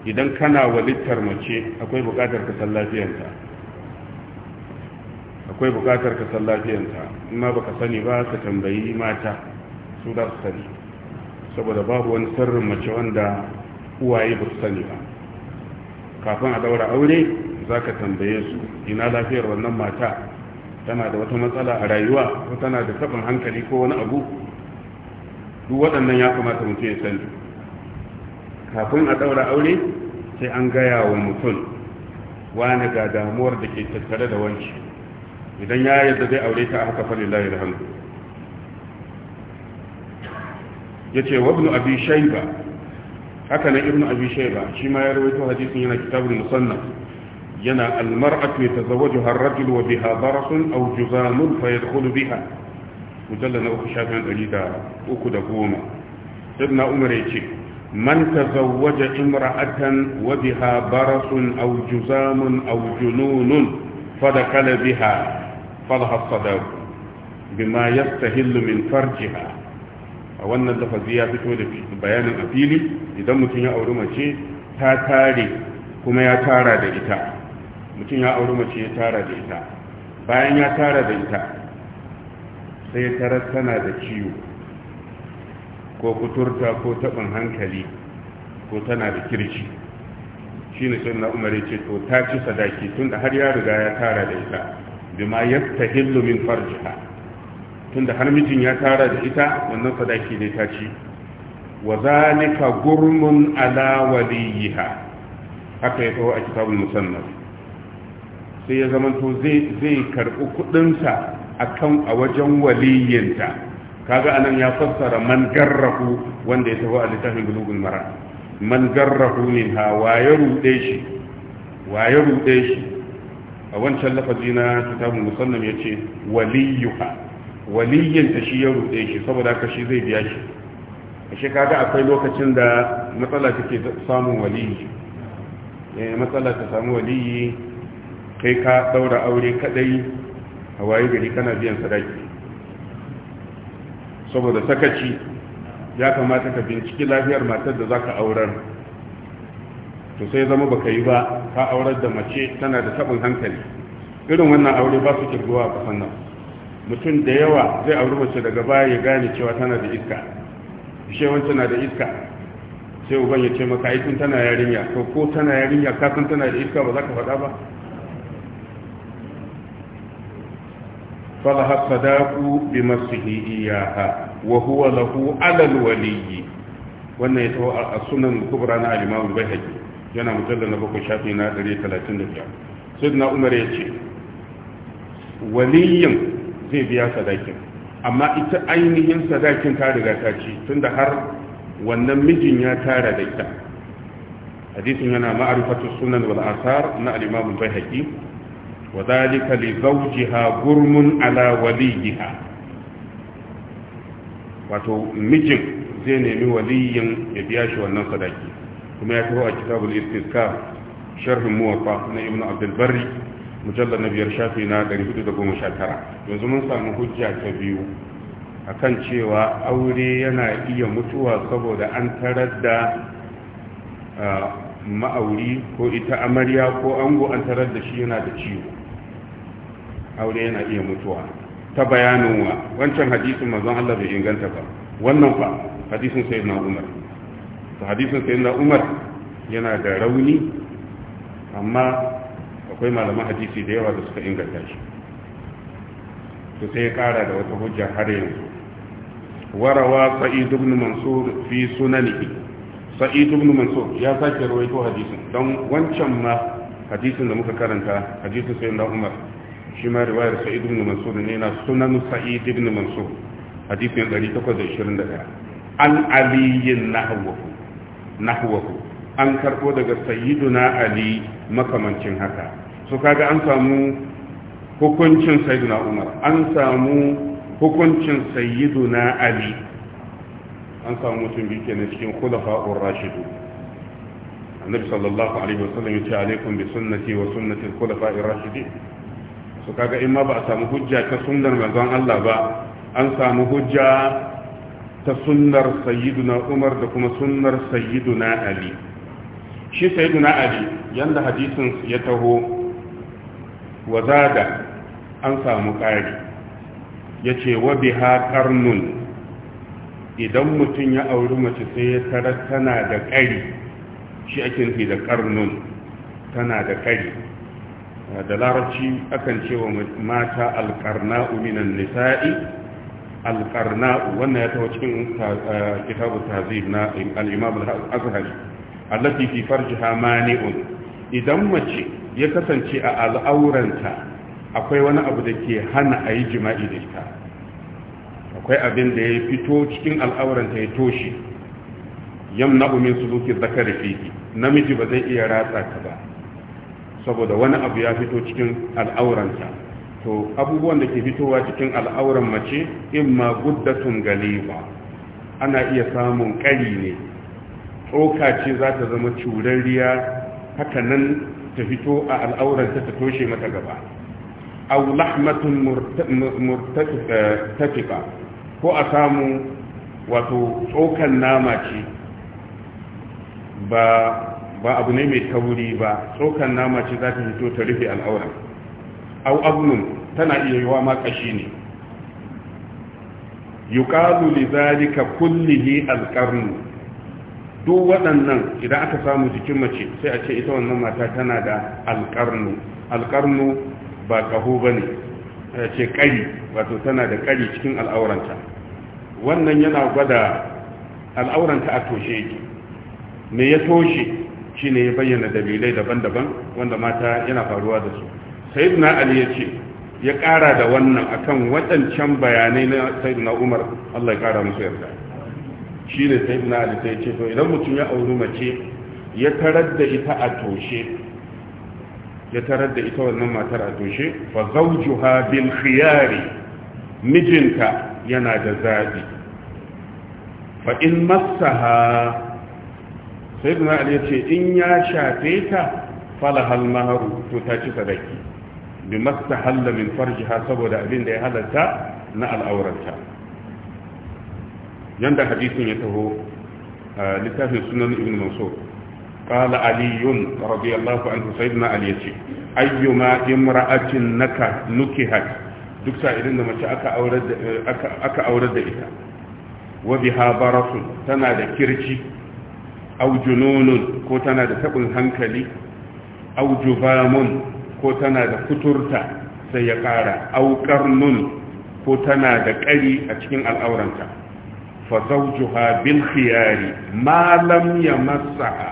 idan kana walittar mace akwai bukatar ka san lafiyarta akwai bukatar ka san lafiyanta amma baka sani ba ka tambayi mata su da sani saboda babu wani sirrin mace wanda uwaye ba su sani ba kafin a daura aure za ka tambaye su ina lafiyar wannan mata tana da wata matsala a rayuwa ko tana da taɓin hankali ko wani abu duk waɗannan ya kamata mutum ya sani kafin a daura aure sai an gaya wa mutum wani ga damuwar da ke tattare da wanki idan ya yadda zai aure ta haka da hannu. Ya ce wa ibn abi shayba haka ne ibn abi shayba shi ma ya rawaito hadisin yana kitabul musannaf yana almar'atu yatazawwajuha ar-rajulu wa biha barasun aw juzamun fa yadkhulu biha mujallal na uku shafin ɗari da uku da goma ibn umar ya ce man tazawwaja imra'atan wa biha barasun aw juzamun aw jununun fadakala biha falha sadaq bima yastahillu min farjiha a wannan lafazi ya fito da bayanin a fili idan mutum ya auri mace ta tare kuma ya tara da ita mutum ya auri mace ya tara da ita bayan ya tara da ita sai tarar tana da ciwo ko kuturta ko taɓin hankali ko tana da kirci shi ne sai na umar ya ce to ta ci sadaki tun da har ya riga ya tara da ita bima yastahillu min farjiha tunda har mijin ya tara da ita wannan sadaki ne ta ci wa zalika gurmun ala waliyiha haka ya taho a kitabul musannaf sai ya zamanto zai karɓi kuɗinsa akan a wajen waliyinta kaga anan ya fassara man garrahu wanda ya tafi a littafin bulugul mara man garrahu ha wa ya rude shi wa ya rude shi a wancan lafazi na kitabun musallam ya ce waliyin waliyyanta shi ya ruɗe shi saboda haka shi zai biya shi a shekara akwai lokacin da matsala take samun waliyi eh, matsala ta samu waliyi kai ka daura aure kadai a waye gari kana biyan sadaki saboda sakaci ya kamata ka binciki lafiyar matar da za ka aurar to sai zama baka yi ba ka aurar da mace tana da tabin hankali irin wannan aure ba su kirguwa a kasan nan mutum da yawa zai auri mace daga baya ya gane cewa tana da iska ishe wancan na da iska sai uban ya ce maka aikin tana yarinya to ko tana yarinya ka san tana da iska ba za ka faɗa ba sadaku فلها الصداق بمسه إياها وهو له على الولي a sunan السنن na على الإمام البيهقي yana mujallar na bakwai shafi na da sai na umar ya ce waliyin zai biya sadakin amma ita ainihin sadakin ta riga ta ci tunda har wannan mijin ya tara da ita hadisin yana ma'arifatu sunan wal asar na al bai al-baihaqi wa dhalika li zawjiha gurmun ala waliyiha wato mijin zai nemi waliyin ya biya shi wannan sadaki kuma ya taho a kitabul istiska sharhin muwatta na ibnu abdul barri mujallad na biyar shafi na 419 yanzu mun samu hujja ta biyu akan cewa aure yana iya mutuwa saboda an tarar da ma'auri ko ita amarya ko ango an tarar da shi yana da ciwo aure yana iya mutuwa ta bayanin wa wancan hadisin mazan Allah bai inganta ba wannan fa hadisin sayyidina Umar hadisin na umar yana da rauni amma akwai malaman hadisi da yawa da suka inganta shi to sai ya kara da wata hujja har yanzu warawa sa'id ibn mansur fi sunanihi sa'id ibn mansur ya sake rawaito hadisin don wancan ma hadisin da muka karanta hadisin na umar shi ma riwayar sa'id ibn mansur ne na sunan sa'id ibn mansur hadisin 821 an aliyin nahwahu nahwahu an karbo daga sayyiduna ali makamancin haka so kaga an samu hukuncin sayyiduna umar an samu hukuncin sayyiduna ali an samu mutum biyu kenan cikin khulafa'ur rashidu annabi sallallahu alaihi wasallam ya ce alaikum bi sunnati wa sunnati al-khulafa'ir rashidin so kaga in ma ba a samu hujja ta sunnar manzon Allah ba an samu hujja ta sunnar sayyiduna umar da kuma sunnar sayyiduna ali shi sayyiduna ali yanda hadisin ya taho wazada an samu ƙari ya ce wa biha karnun idan mutum ya auri mace sai ya tara tana da ƙari shi ake nufi da karnun tana da ƙari da larabci akan ce wa mata alƙarna uminan nisa'i alƙarna wannan ya taho cikin kitabu tazib na al'imam al'azhari allati fi farjiha mani'un idan mace ya kasance a al'auranta akwai wani abu da ke hana a yi jima'i da ita akwai abin da ya fito cikin al'auranta ya toshi yamna umin suluki da fihi namiji ba zai iya ratsa ka ba saboda wani abu ya fito cikin al'auranta to abubuwan da ke fitowa cikin al'auran mace imma guddatun galiba ana iya samun ƙari ne tsoka ce za ta zama curarriya haka nan ta fito a al'auranta ta toshe mata gaba aw lahmatun murtatika eh, ko a samu wato tsokan nama ce ba abu ne mai tauri ba tsokan nama ce za ta fito ta rufe al'auran au abnun tana iya yiwa ma kashi ne yuqalu li zalika kullihi alqarn duk waɗannan idan aka samu jikin mace sai a ce ita wannan mata tana da alqarnu alqarnu ba kaho bane ce kari wato tana da kari cikin al'auranta wannan yana gwada al'auranta a toshe yake me ya toshe shine ya bayyana dalilai daban-daban wanda mata yana faruwa da su sayyidina ali ya ce ya ƙara da wannan akan waɗancan bayanai na sayyidina umar allah ya ƙara musu yarda shi ne sayyidina ali sai ce to idan mutum ya auri mace ya tarar da ita a toshe ya tarar da ita wannan matar a toshe fa zawjuha bil khiyari mijinta yana da zabi fa in massaha sayyidina ali ya ce in ya shafe ta falahal maharu to ta ci sadaki bi mastahalla min farjiha saboda abin da ya halarta na al'aurarta yanda hadisin ya taho littafin sunan ibn mansur قال علي رضي الله عنه سيدنا علي يتي أيما امرأة نكا نكهت duk sa'ilin da mace aka aurar da ita wa biha barasun tana da kirci au jununun ko tana da taɓin hankali au jubamun ko tana da kuturta sai ya ƙara aukar nun ko tana da ƙari a cikin al'auranta fa zawjuha bil khiyari ma lam yamassaha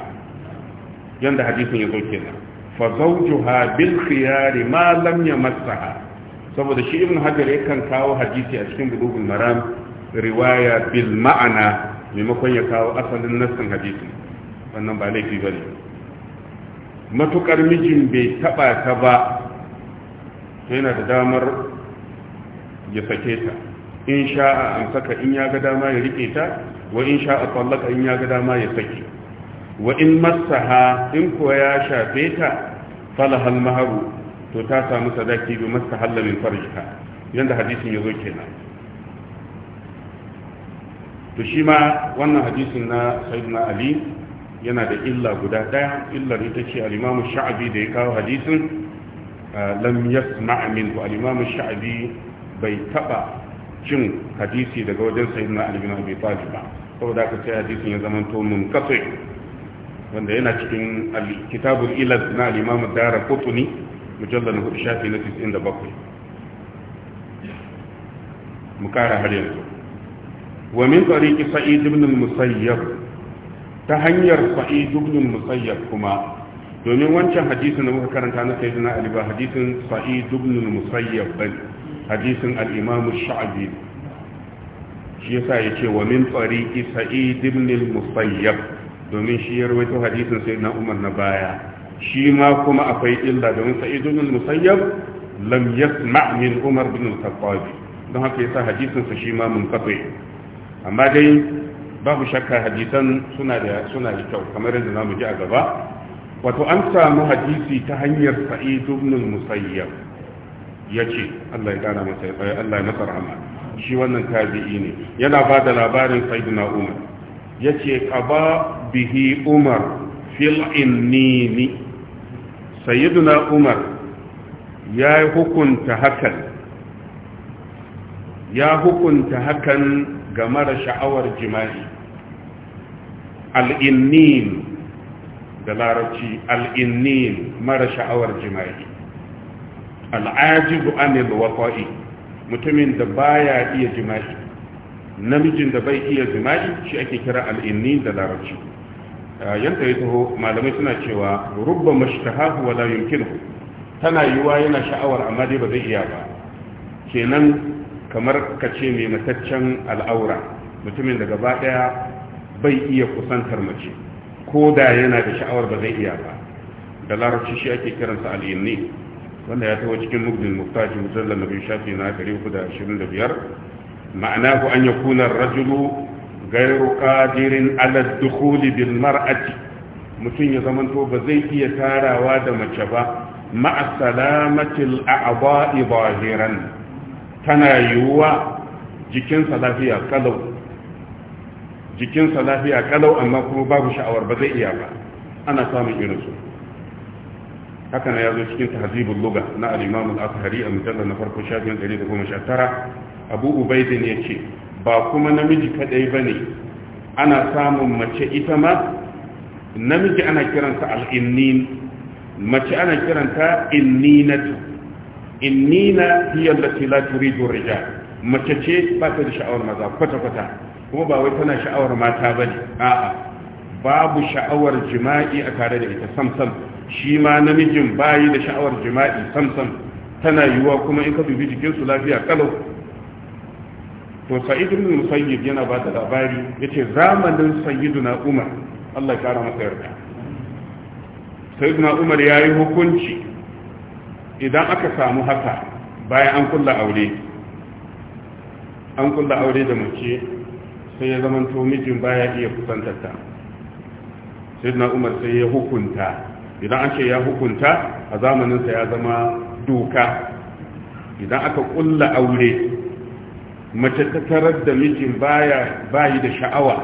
yanda hadisin ya zo kenan fa zawjuha bil khiyari ma lam yamassaha saboda shi ibn hajar yakan kawo hadisi a cikin bulugul maram riwaya bil ma'ana maimakon ya kawo asalin nassin hadisi wannan ba laifi bane matukar mijin bai taba ta ba yana da damar ya sake ta in sha'a an saka in ya ga dama ya rike ta wa in sha'a tsallaka in ya ga dama ya sake wa in masaha in kuwa ya shafe ta falahal maharu to ta samu sadaki bi mastahalla min farjiha yanda hadisin yazo kenan to shi ma wannan hadisin na sayyidina ali yana da illa guda daya illar ita ce al sha'abi da ya kawo hadisin ah, lam yasma' minhu al-imamu sha'abi bai taba cin hadisi daga wajen sayyidina Ali bin Abi Talib ba saboda aka ce hadisin ya zama to munqati wanda yana cikin kitabul ilal na al dara ad-Darqutni mujallad 4 shafi na 97 mukara har yanzu wa min tariqi sa'id ibn al ta hanyar sa'id ibn musayyab kuma domin wancan hadisin da muka karanta na sayyidina ali ba hadisin sa'id ibn musayyab bane hadisin al-imam ash-sha'bi shi yasa ce wa min ki sa'id ibn musayyab domin shi ya rawaito hadisin sayyidina umar na baya shi ma kuma akwai illa domin sa'id ibn musayyab lam yasma' min umar bin al-khattab don haka yasa hadisin sa shi ma mun munqati amma dai babu shakka hadisan suna da suna da kyau kamar yadda zamu ji a gaba wato an samu hadisi ta hanyar sa'id ibn musayyab yace Allah ya kara masa eh, Allah ya masa rahama shi wannan tabi'i ne yana ba da labarin sayyidina Umar yace qaba bihi Umar fil innini sayyidina Umar ya hukunta hakan ya hukunta hakan ga mara sha'awar jima'i al'innin da larabci al'innin mara sha'awar jima'i al'ajibu anil wakwai mutumin da baya iya jima'i namijin da bai iya jima'i shi ake kira al'innin da larabci ah, yanta ya malamai suna cewa rubba mashtahahu wala yumkinu tana yiwa yana sha'awar amma dai ba zai iya ba kenan kamar ka ce mai mataccen al'aura mutumin da gaba daya bai iya kusantar mace ko da yana da sha'awar ba zai iya ba da larabci shi ake kiransa al'inni wanda ya taho cikin mugdin muftaji musallar nabi shafi na biyar. ma'ana ku an yakuna rajulu gairu qadirin ala dukhuli bil mar'ati mutum ya zamanto ba zai iya tarawa da mace ba ma'a salamatil a'dha'i zahiran tana yiwuwa jikinsa lafiya kalau jikinsa lafiya kalau amma kuma babu sha'awar ba zai iya ba ana samun irinsu haka na ya zo cikin tahzibul luga na al-imam al-athari a mujallal na farko shafin 119 abu ubaidin yace ba kuma namiji kadai bane ana samun mace ita ma namiji ana kiransa al-innin mace ana kiranta inninatu innina hiya allati la turidu rijal mace ce ba ta da sha'awar maza kwata kwata kuma ba wai tana sha'awar mata ba ne. a'a babu sha'awar jima'i a tare da ita sam sam shi ma namijin bayi da sha'awar jima'i sam sam tana yiwuwa kuma in ka dubi jikin su lafiya kalau to sa'id ibn musayyib yana ba da labari yace zamanin sayyiduna umar Allah ya kara masa yarda sayyiduna umar yayi hukunci idan aka samu haka bayan an kulla aure an kulla aure da mace sai ya zama to mijin baya iya ta sai na umar sai ya hukunta idan an ce ya hukunta a zamaninsa ya zama doka idan aka kulla aure mace ta tarar da mijin baya bayi da sha'awa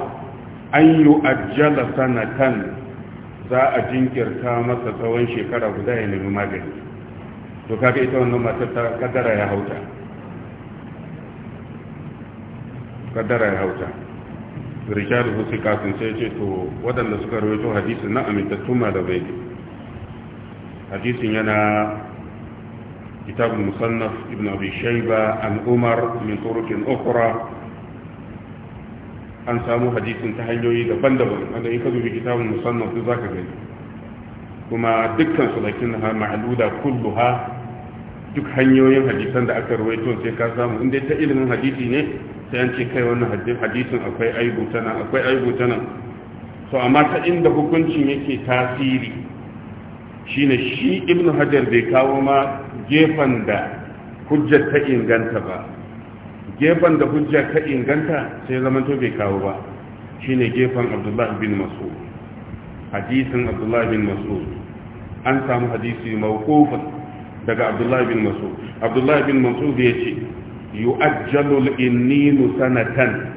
an yi ajjala sanatan za a jinkirta masa tsawon shekara guda ya nemi magani to kaga ita wannan matar ta kaddara ya hauta kaddara ya hauta rishadu husi kafin sai ce to waɗanda suka rawaito hadisin na amintattun malamai ne hadisin yana kitabun musannaf ibn abi shayba an umar min turukin ukhra an samu hadisin ta hanyoyi daban-daban wanda in ka dubi kitabun musannaf duk zaka gani kuma dukkan su lakin ha ma'luda kulluha duk hanyoyin hadisan da aka ruwaito sai ka samu inda ta ilimin hadisi ne sai an ce kai wannan hadisin akwai aibu tana akwai aibu tana to amma ta inda hukuncin yake tasiri shine shi ibnu hajar bai kawo ma gefen da hujjar ta inganta ba gefen da hujjar ta inganta sai to bai kawo ba shine gefen abdullahi bin mas'ud hadisin abdullahi bin mas'ud an samu hadisi mawqufan daga abdullahi bin Masu. abdullahi bin Masu ya ce yu'ajjalul inninu sanatan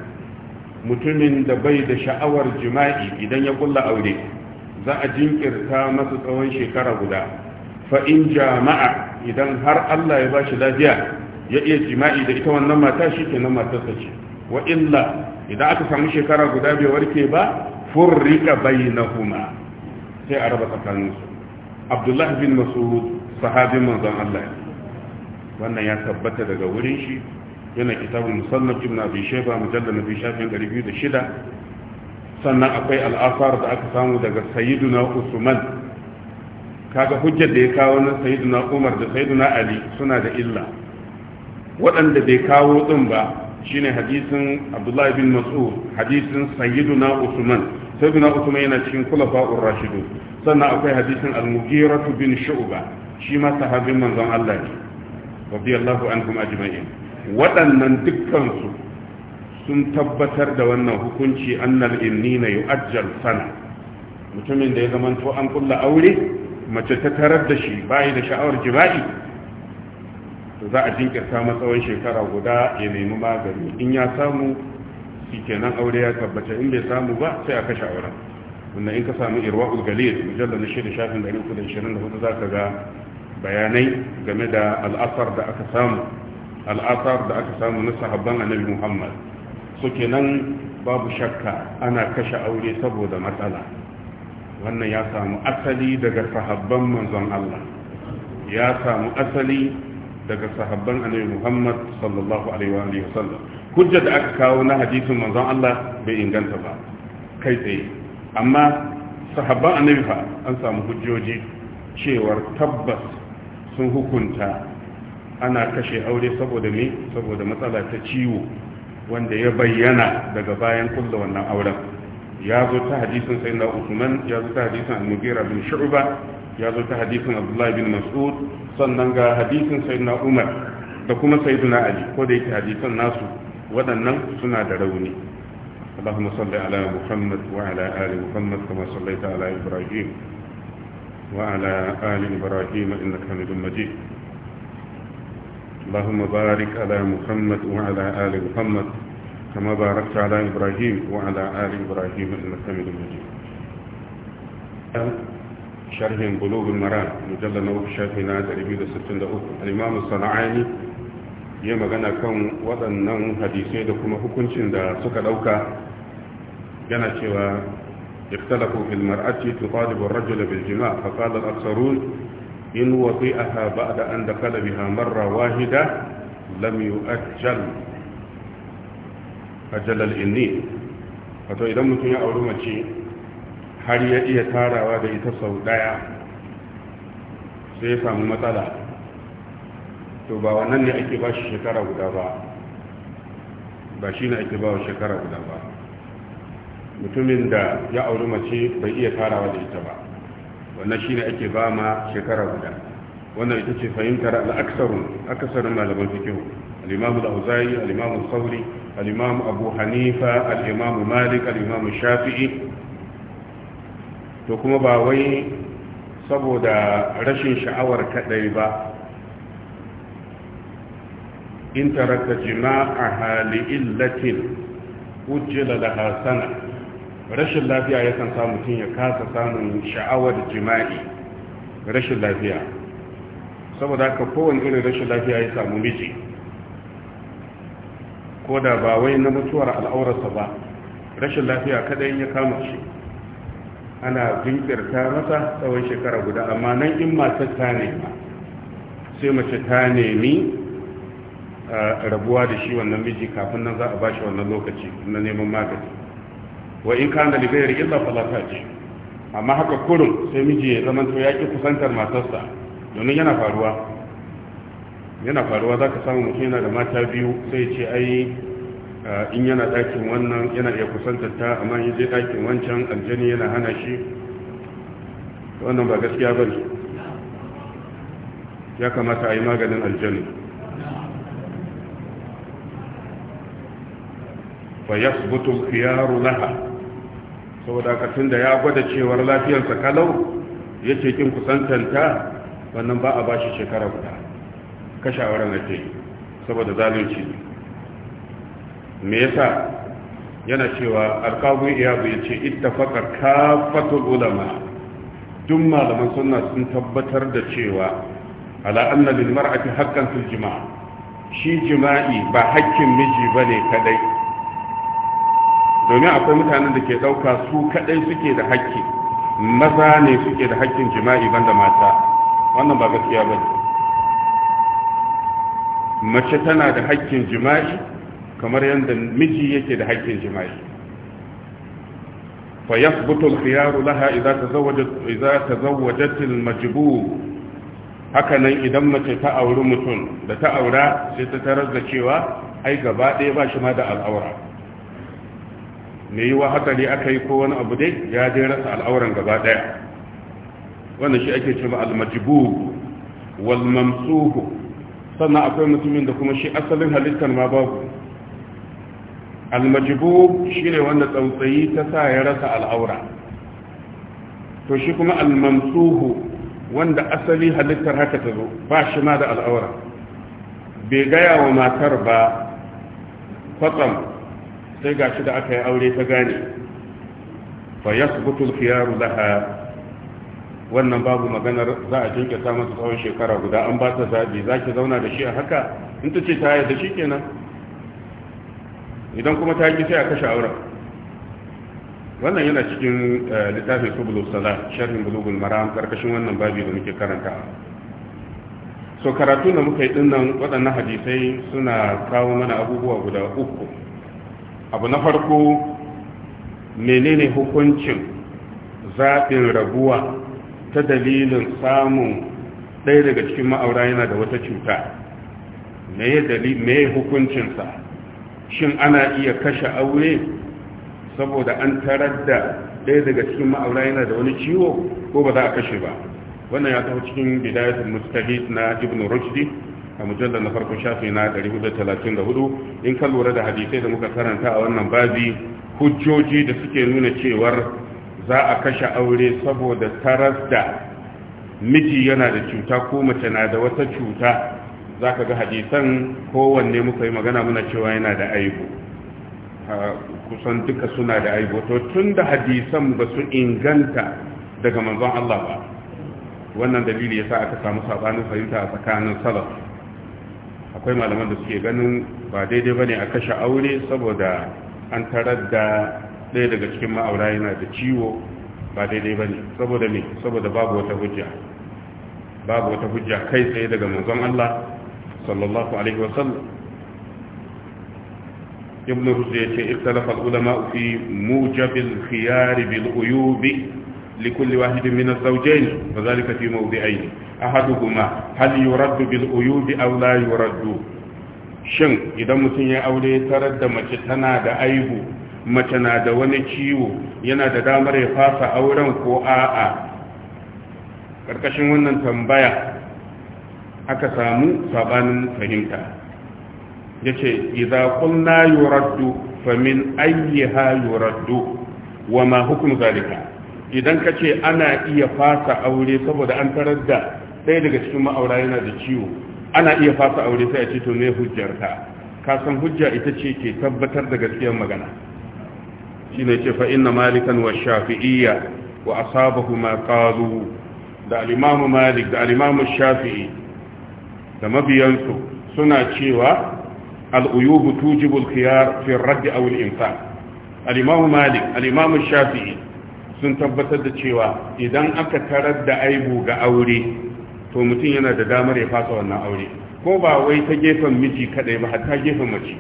mutumin da bai da sha'awar jima'i idan ya kulla aure za a jinkirta masa tsawon shekara guda fa jama'a idan har Allah ya bashi lafiya ya iya jima'i da ita wannan mata shi kenan matarsa ce wa illa idan aka samu shekara guda bai warke ba furrika huma, sai a raba tsakaninsu abdullahi bin Masu. sahabin manzon Allah wannan ya tabbata daga wurin shi yana kitabun musannaf ibn abi shayba mujallal nabi shafin 206 sannan akwai al'asar da aka samu daga sayyiduna usman kaga hujjar da ya kawo na sayyiduna umar da sayyiduna ali suna da illa waɗanda bai kawo din ba shine hadisin abdullahi bin mas'ud hadisin sayyiduna usman sayyiduna usman yana cikin kulafa'ur rashidun sannan akwai hadisin al-mughirah bin shu'ba shi ma sahabin manzon Allah ne radiyallahu anhum ajma'in waɗannan dukkansu sun tabbatar da wannan hukunci annal innina yu'ajjal sana mutumin da ya to an kulla aure mace ta tarar da shi bayi da sha'awar jima'i to za a jinkirta matsawon shekara guda ya nemi magani in ya samu shikenan aure ya tabbata in bai samu ba sai a kashe auren wannan in ka samu ul galil mujallal na shirin shafin 324 zaka ga bayanai game da al'asar da aka samu al'asar da aka samu na sahabban annabi muhammad so kenan babu shakka ana kashe aure saboda matsala wannan ya samu asali daga sahabban manzon allah ya samu asali daga sahabban annabi muhammad sallallahu alaihi wa sallam hujja da aka kawo na hadisin manzon allah bai inganta ba kai tsaye amma sahabban annabi fa an samu hujjoji cewar tabbas sun hukunta ana kashe aure saboda ne saboda matsala ta ciwo wanda ya bayyana daga bayan kulla wannan auren ya zo ta hadisin sai na usman ya zo ta hadisin al-mughira bin shu'ba ya zo ta hadisin abdullahi bin mas'ud sannan ga hadisin sai na umar da kuma na ali ko da yake hadisan nasu waɗannan suna da rauni اللهم صل على محمد وعلى آل محمد كما صليت على إبراهيم وعلى آل إبراهيم إنك حميد مجيد اللهم بارك على محمد وعلى آل محمد كما باركت على إبراهيم وعلى آل إبراهيم إنك حميد مجيد شرح بلوغ المرام مجلد نوح شافنا تربيد ستين الإمام الصنعاني ya magana kan waɗannan hadisai da kuma hukuncin da suka ɗauka yana cewa اختلفوا في المرأة تطالب الرجل بالجماع فقال الأكثرون إن وطئها بعد أن دخل بها مرة واحدة لم يؤجل أجل الإني wato idan mutum ya auri mace har ya iya tarawa da ita sau ɗaya sai ya samu matsala to ba wannan ne ake ba shi shekara shekara guda ba mutumin da ya auri mace bai iya farawa da ita ba wannan shine ake ba ma shekara guda wannan ita ce fahimtar al'aksarun akasarin malaman fikihu al-imamu al-auza'i al-imamu sauri al abu hanifa al malik al shafi'i to kuma ba wai saboda rashin sha'awar kadai ba in taraka jima'aha li illatin ujjila laha sana rashin lafiya ya kan samu mutum ya kasa samun sha'awar jima'i rashin lafiya saboda haka kowane irin rashin lafiya ya samu miji ko da ba wai na mutuwar al'aurarsa ba rashin lafiya kadai ya kama shi ana jinkirta masa tsawon shekara guda amma nan in matar ta nema sai mace ta nemi eh, rabuwa da shi wannan miji kafin nan za a ba shi wannan lokaci na neman magani wa in ka li ghairi illa fala taji amma haka kurun sai miji ya zama to yaki kusantar matarsa domin yana faruwa yana faruwa zaka samu mutum yana da mata biyu sai ce ai eh, in yana ɗakin wannan yana iya kusantar ta amma in je ɗakin wancan aljani yana hana shi wannan ba gaskiya ba ne ya kamata a yi maganin aljani fa ya khiyaru laha saboda ka da ya gwada cewar lafiyarsa kalau ya ce kin kusantanta wannan ba a bashi shekara guda kashe auren ake saboda zalunci me yasa yana cewa alƙawun iyabu ya ce ita faka kafatul ulama duk malaman sunna sun tabbatar da cewa ala anna a mar'ati haqqan fil jima'a. shi jima'i ba hakkin miji ba ne kadai domin akwai mutanen da ke ɗauka su kaɗai suke da hakki maza ne suke da hakkin jima'i banda mata wannan ba gaskiya ba ne mace tana da hakkin jima'i kamar yadda miji yake da hakkin jima'i fa yathbutu al-khiyar laha idza tazawwajat idza tazawwajat al-majbur hakanan idan mace ta auri mutum da ta aura sai ta tarar da cewa ai gaba ɗaya ba shi ma da al'aura me yi wa hatsari aka yi ko wani abu dai ya dai rasa al'auran gaba daya wannan shi ake cewa al-majbub wal mamsuhu sannan akwai mutumin da kuma shi asalin halittar ma babu al-majbub shine wanda tsautsayi ta sa ya rasa al'aura to shi kuma al-mamsuhu wanda asali halittar haka ta zo ba shi ma da al'aura bai gaya wa matar ba kwatsam sai ga shi da aka yi aure ta gane fa yasbutu al-khiyaru laha wannan babu maganar za a ta masa tsawon shekara guda an ba ta zabi zaki zauna da shi a haka in ta ce ta da shi kenan idan kuma ta ki sai a kashe auren wannan yana cikin eh, littafin subulu sala sharhin bulugul maram karkashin wannan babi da muke karanta so karatu da muka yi dinnan waɗannan hadisai suna kawo mana abubuwa guda uku abu na farko menene hukuncin zaɓin rabuwa ta dalilin samun ɗaya daga cikin ma'aura yana da wata cuta mai hukuncinsa shin ana iya kashe aure saboda an tarar da ɗaya daga cikin ma'aura yana da wani ciwo ko ba za a kashe ba wannan ya taho cikin bidayatul mustahid na ibn rushdie a mujallar na farko shafi na 434 in ka lura da hadisai da muka karanta a wannan babi hujjoji da suke nuna cewar za a kashe aure saboda taras da miji yana da cuta ko mace na da wata cuta za ka ga hadisan kowanne muka yi magana muna cewa yana da aibu kusan duka suna da aibu to tun da hadisan ba su inganta daga manzon Allah ba wannan dalili yasa aka samu sabanin fahimta a tsakanin salaf akwai malaman da suke ganin ba daidai bane a kashe aure saboda an tarar da ɗaya daga cikin ma'aura yana da ciwo ba daidai bane saboda ne, saboda babu wata hujja babu wata hujja kai tsaye daga manzon Allah sallallahu alaihi wa wasallam ibn ya ce ikhtalafa ulama fi mujabil khiyar bil uyubi لكل واحد من الزوجين وذلك في موضعين أحدهما هل يرد بالأيوب أو لا يرد shin idan mutum ya aure tarar da mace tana da aibu mace na da wani ciwo yana da damar ya fasa auren ko a'a ƙarƙashin wannan tambaya aka samu saɓanin fahimta ya ce idan kunna yuraddu famin ayyaha yuraddu wa ma hukum zalika idan ka ce ana iya fasa aure saboda an tarar da ɗaya daga cikin ma'aura yana da ciwo ana iya fasa aure sai a ce to ne hujjarka ka san hujja ita ce ke tabbatar da gaskiyar magana shi ne ce fa'inna malikan wa shafi'iyya wa asabahu ma qalu da alimamu malik da alimamu shafi'i da mabiyansu suna cewa al'uyubu tujibul khiyar fi raddi awul insa alimamu malik alimamu shafi'i sun tabbatar da cewa idan aka tarar da aibu ga aure to mutum yana da damar ya fasa wannan aure ko ba wai ta gefen miji kadai ba hatta gefen mace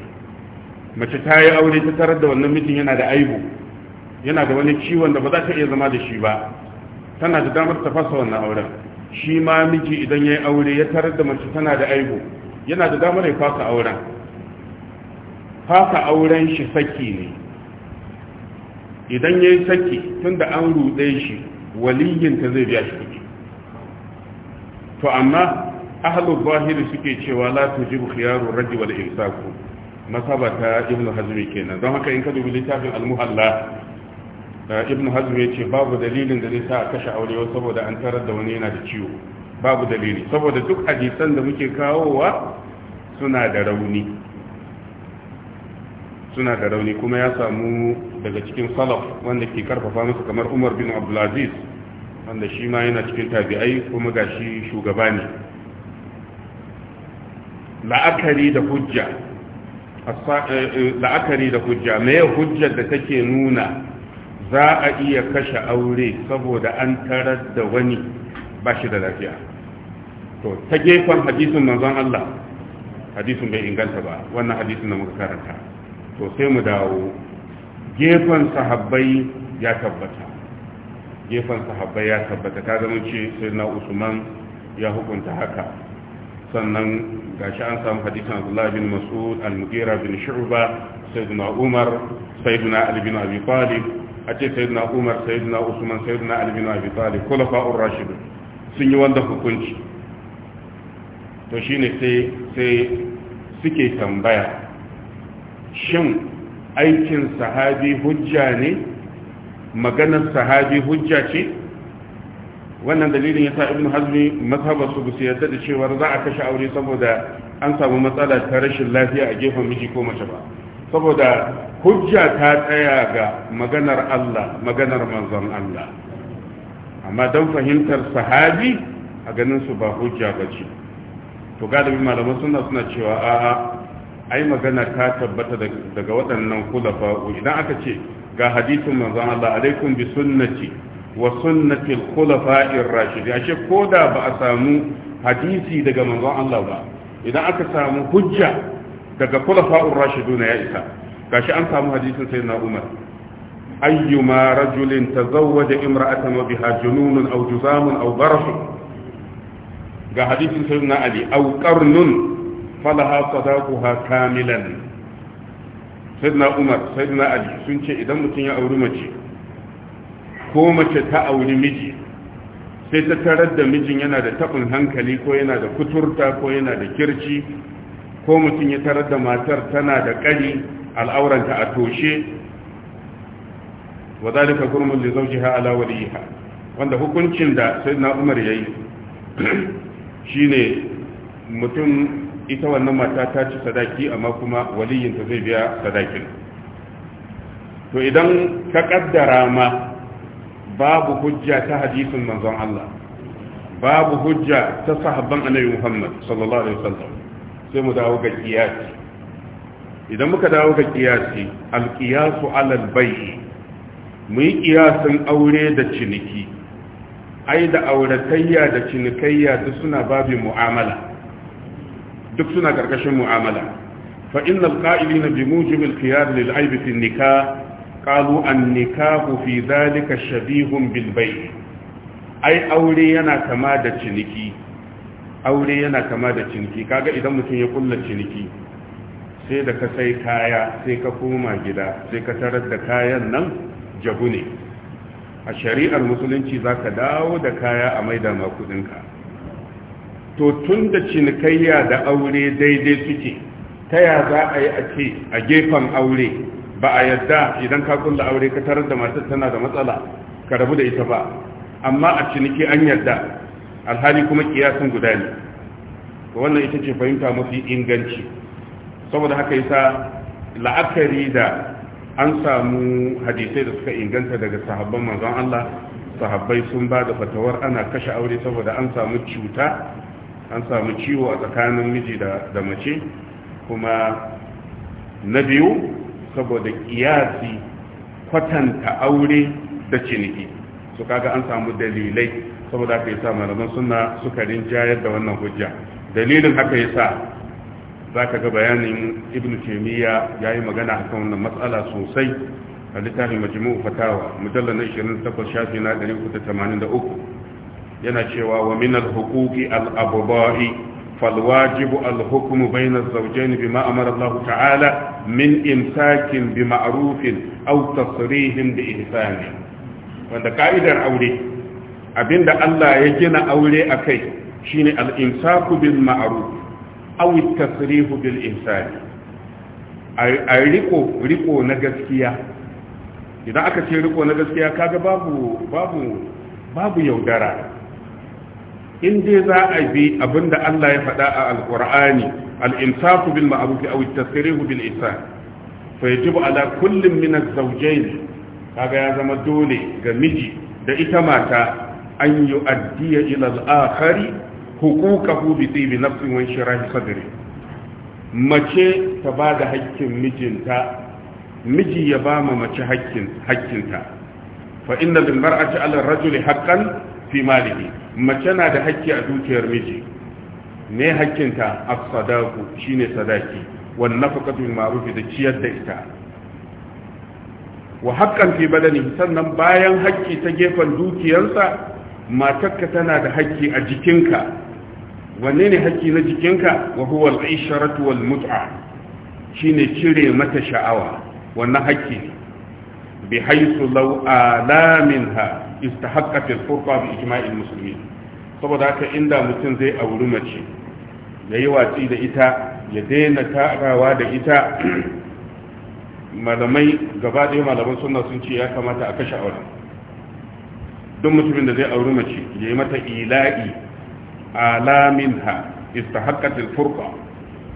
mace ta yi aure ta tarar da wannan mijin yana da aibu yana da wani ciwon da ba za ta iya zama da shi ba tana da damar ta fasa wannan auren shi ma miji idan ya yi aure ya tarar da mace tana da aibu yana da damar ya fasa auren fasa auren shi saki ne idan ya yi saki tun da an ruɗe shi waliyinta zai biya shi kuɗi to amma ahlu bahiri suke cewa la tujibu khiyaru rajul wal imsaku masabata ibnu hazmi kenan don haka in ka dubi littafin al-muhalla eh, ibnu hazmi yace babu dalilin da zai sa a kashe aure saboda an tarar da wani yana da ciwo babu dalili saboda duk hadisan da muke kawowa suna da rauni suna da rauni kuma ya samu daga cikin salaf wanda ke karfafa masa kamar umar bin abdulaziz wanda shi ma yana cikin tabi'ai kuma ga shi shugaba ne la'akari da hujja eh, eh, la'akari da hujja mai hujjar da take nuna za a iya kashe aure saboda an tarar da wani ba shi da lafiya to ta gefen hadisin manzon Allah hadisin bai inganta ba wannan hadisin da muka karanta to sai mu dawo gefen sahabbai ya tabbata gefen sahabbai ya tabbata ta zama ce sai na usman ya hukunta haka sannan gashi an samu hadisan Abdullah bin mas'ud al-mughira bin shu'ba sayyidina umar sayyidina ali bin abi talib a ce sayyidina umar sayyidina usman sayyidina ali bin abi talib ar rashidun sun yi wanda hukunci to shine sai sai suke tambaya shin aikin sahabi hujja ne maganar sahabi hujja ce wannan dalilin ya sa ibn hazmi mazhabar su su yarda da cewa za a kashe aure saboda an samu matsala ta rashin lafiya a gefen miji ko mace ba saboda hujja ta tsaya ga maganar Allah maganar manzon Allah amma don fahimtar sahabi a ganin su ba hujja ba ce to galibi malaman suna suna cewa a'a ai magana ta tabbata daga waɗannan kulafa idan aka ce ga hadisin manzon Allah alaikum bi sunnati wa sunnati al-khulafa'ir rashidin ashe koda ba a samu hadisi daga manzon Allah ba idan aka samu hujja daga khulafa'ur rashidun ya isa gashi an samu hadisin sayyidina Umar ayyuma rajulin tazawwaja imra'atan wa biha jununun aw juzamun aw barash ga hadisin sayyidina Ali aw qarnun falaha صداقها kamilan سيدنا umar سيدنا علي sun ce idan mutum ya auri mace ko mace ta auri miji sai ta tarar da mijin yana da tabin hankali ko yana da kuturta ko yana da kirci ko mutum ya tarar da matar tana da ƙari al'auranta a toshe wa zalika gurmun li zawjiha ala waliha wanda hukuncin da sayyidina umar yayi shine mutum ita wannan mata ta ci sadaki amma kuma waliyinta zai biya sadakin to idan ka kaddara ma babu hujja ta hadisin manzon Allah babu hujja ta sahabban annabi Muhammad sallallahu alaihi wasallam sai mu dawo ga kiyasi idan muka dawo ga kiyasi alqiyasu alal bai'i mu yi kiyasin aure da ciniki ai da auratayya da cinikayya duk suna babin mu'amala duk suna ƙarƙashin mu'amala fa innal qa'ilina bi mujibil khiyar lil aib fi nikah qalu an nikahu fi dhalika shabihun bil bay' ai aure yana kama da ciniki aure yana kama da ciniki kaga idan mutum ya kulla ciniki sai da ka sai kaya sai ka koma gida sai ka tarar da kayan nan jabu ne a shari'ar musulunci za ka dawo da kaya a maida makudinka to tun da cinikayya da aure daidai suke ta ya za a yi a ce a gefen aure ba a yadda idan ka kulla aure ka tarar da matar tana da matsala ka rabu da ita ba amma a ciniki an yadda alhali kuma kiyasin guda ne wannan ita ce fahimta mafi inganci saboda haka yasa la'akari da an samu hadisai da suka inganta daga sahabban manzon Allah sahabbai sun ba da fatawar ana kashe aure saboda an samu cuta an samu ciwo a tsakanin miji da mace kuma na biyu saboda kiyasi kwatanta aure da ciniki su kaga an samu dalilai saboda aka yi sa malaman suna sukarin jayar da wannan hujja dalilin haka ya sa za ka ga bayanin ibn kemiya ya yi magana a kan wannan matsala sosai a littafin majimu fatawa mujallar na 28 shafi na 383 yana cewa wa min al-huquqi al-abwa'i fal wajibu al-hukmu bayna az-zawjayn bima ta'ala min imsakin bi ma'rufin aw tasrihin bi ihsan wanda ka'idar aure abinda Allah ya gina aure akai shine al-imsaku bil ma'ruf aw at-tasrihu bil ihsan a riko na gaskiya idan aka ce riko na gaskiya kaga babu babu babu yaudara in dai za a bi abinda Allah ya faɗa a alqur'ani alinsafu imsaku bil ma'ruf aw at-tasrihu bil ihsan fa yajibu ala kullin min az-zawjayn kaga ya zama dole ga miji da ita mata an yu'addiya ila al-akhari huquqahu bi tibi nafsin wa shirahi sadri mace ta ba da haƙƙin mijinta miji ya ba ma mace haƙƙin haƙƙinta fa inna lil mar'ati 'ala ar-rajuli haqqan fi malihi mace na da hakki a dukiyar miji ne hakkinta as-sadaqu shine sadaki Wani nafaqatu bil ma'ruf da ciyar da ita wa haqqan fi badani sannan bayan hakki ta gefen dukiyarsa matarka tana da hakki a jikinka wanne ne hakki na jikinka wa huwa al-isharatu wal mut'a shine cire mata sha'awa wannan hakki bi haythu law ala minha istahaqqat al-furqa bi ijma'il muslimin saboda haka inda mutum zai auri mace yayi watsi da ita ya daina tarawa da ita malamai gaba ɗaya malaman sunna sun ce ya kamata a kashe aure. duk mutumin da zai auri mace ya yi mata ila'i alaminha istahaqqat al-furqa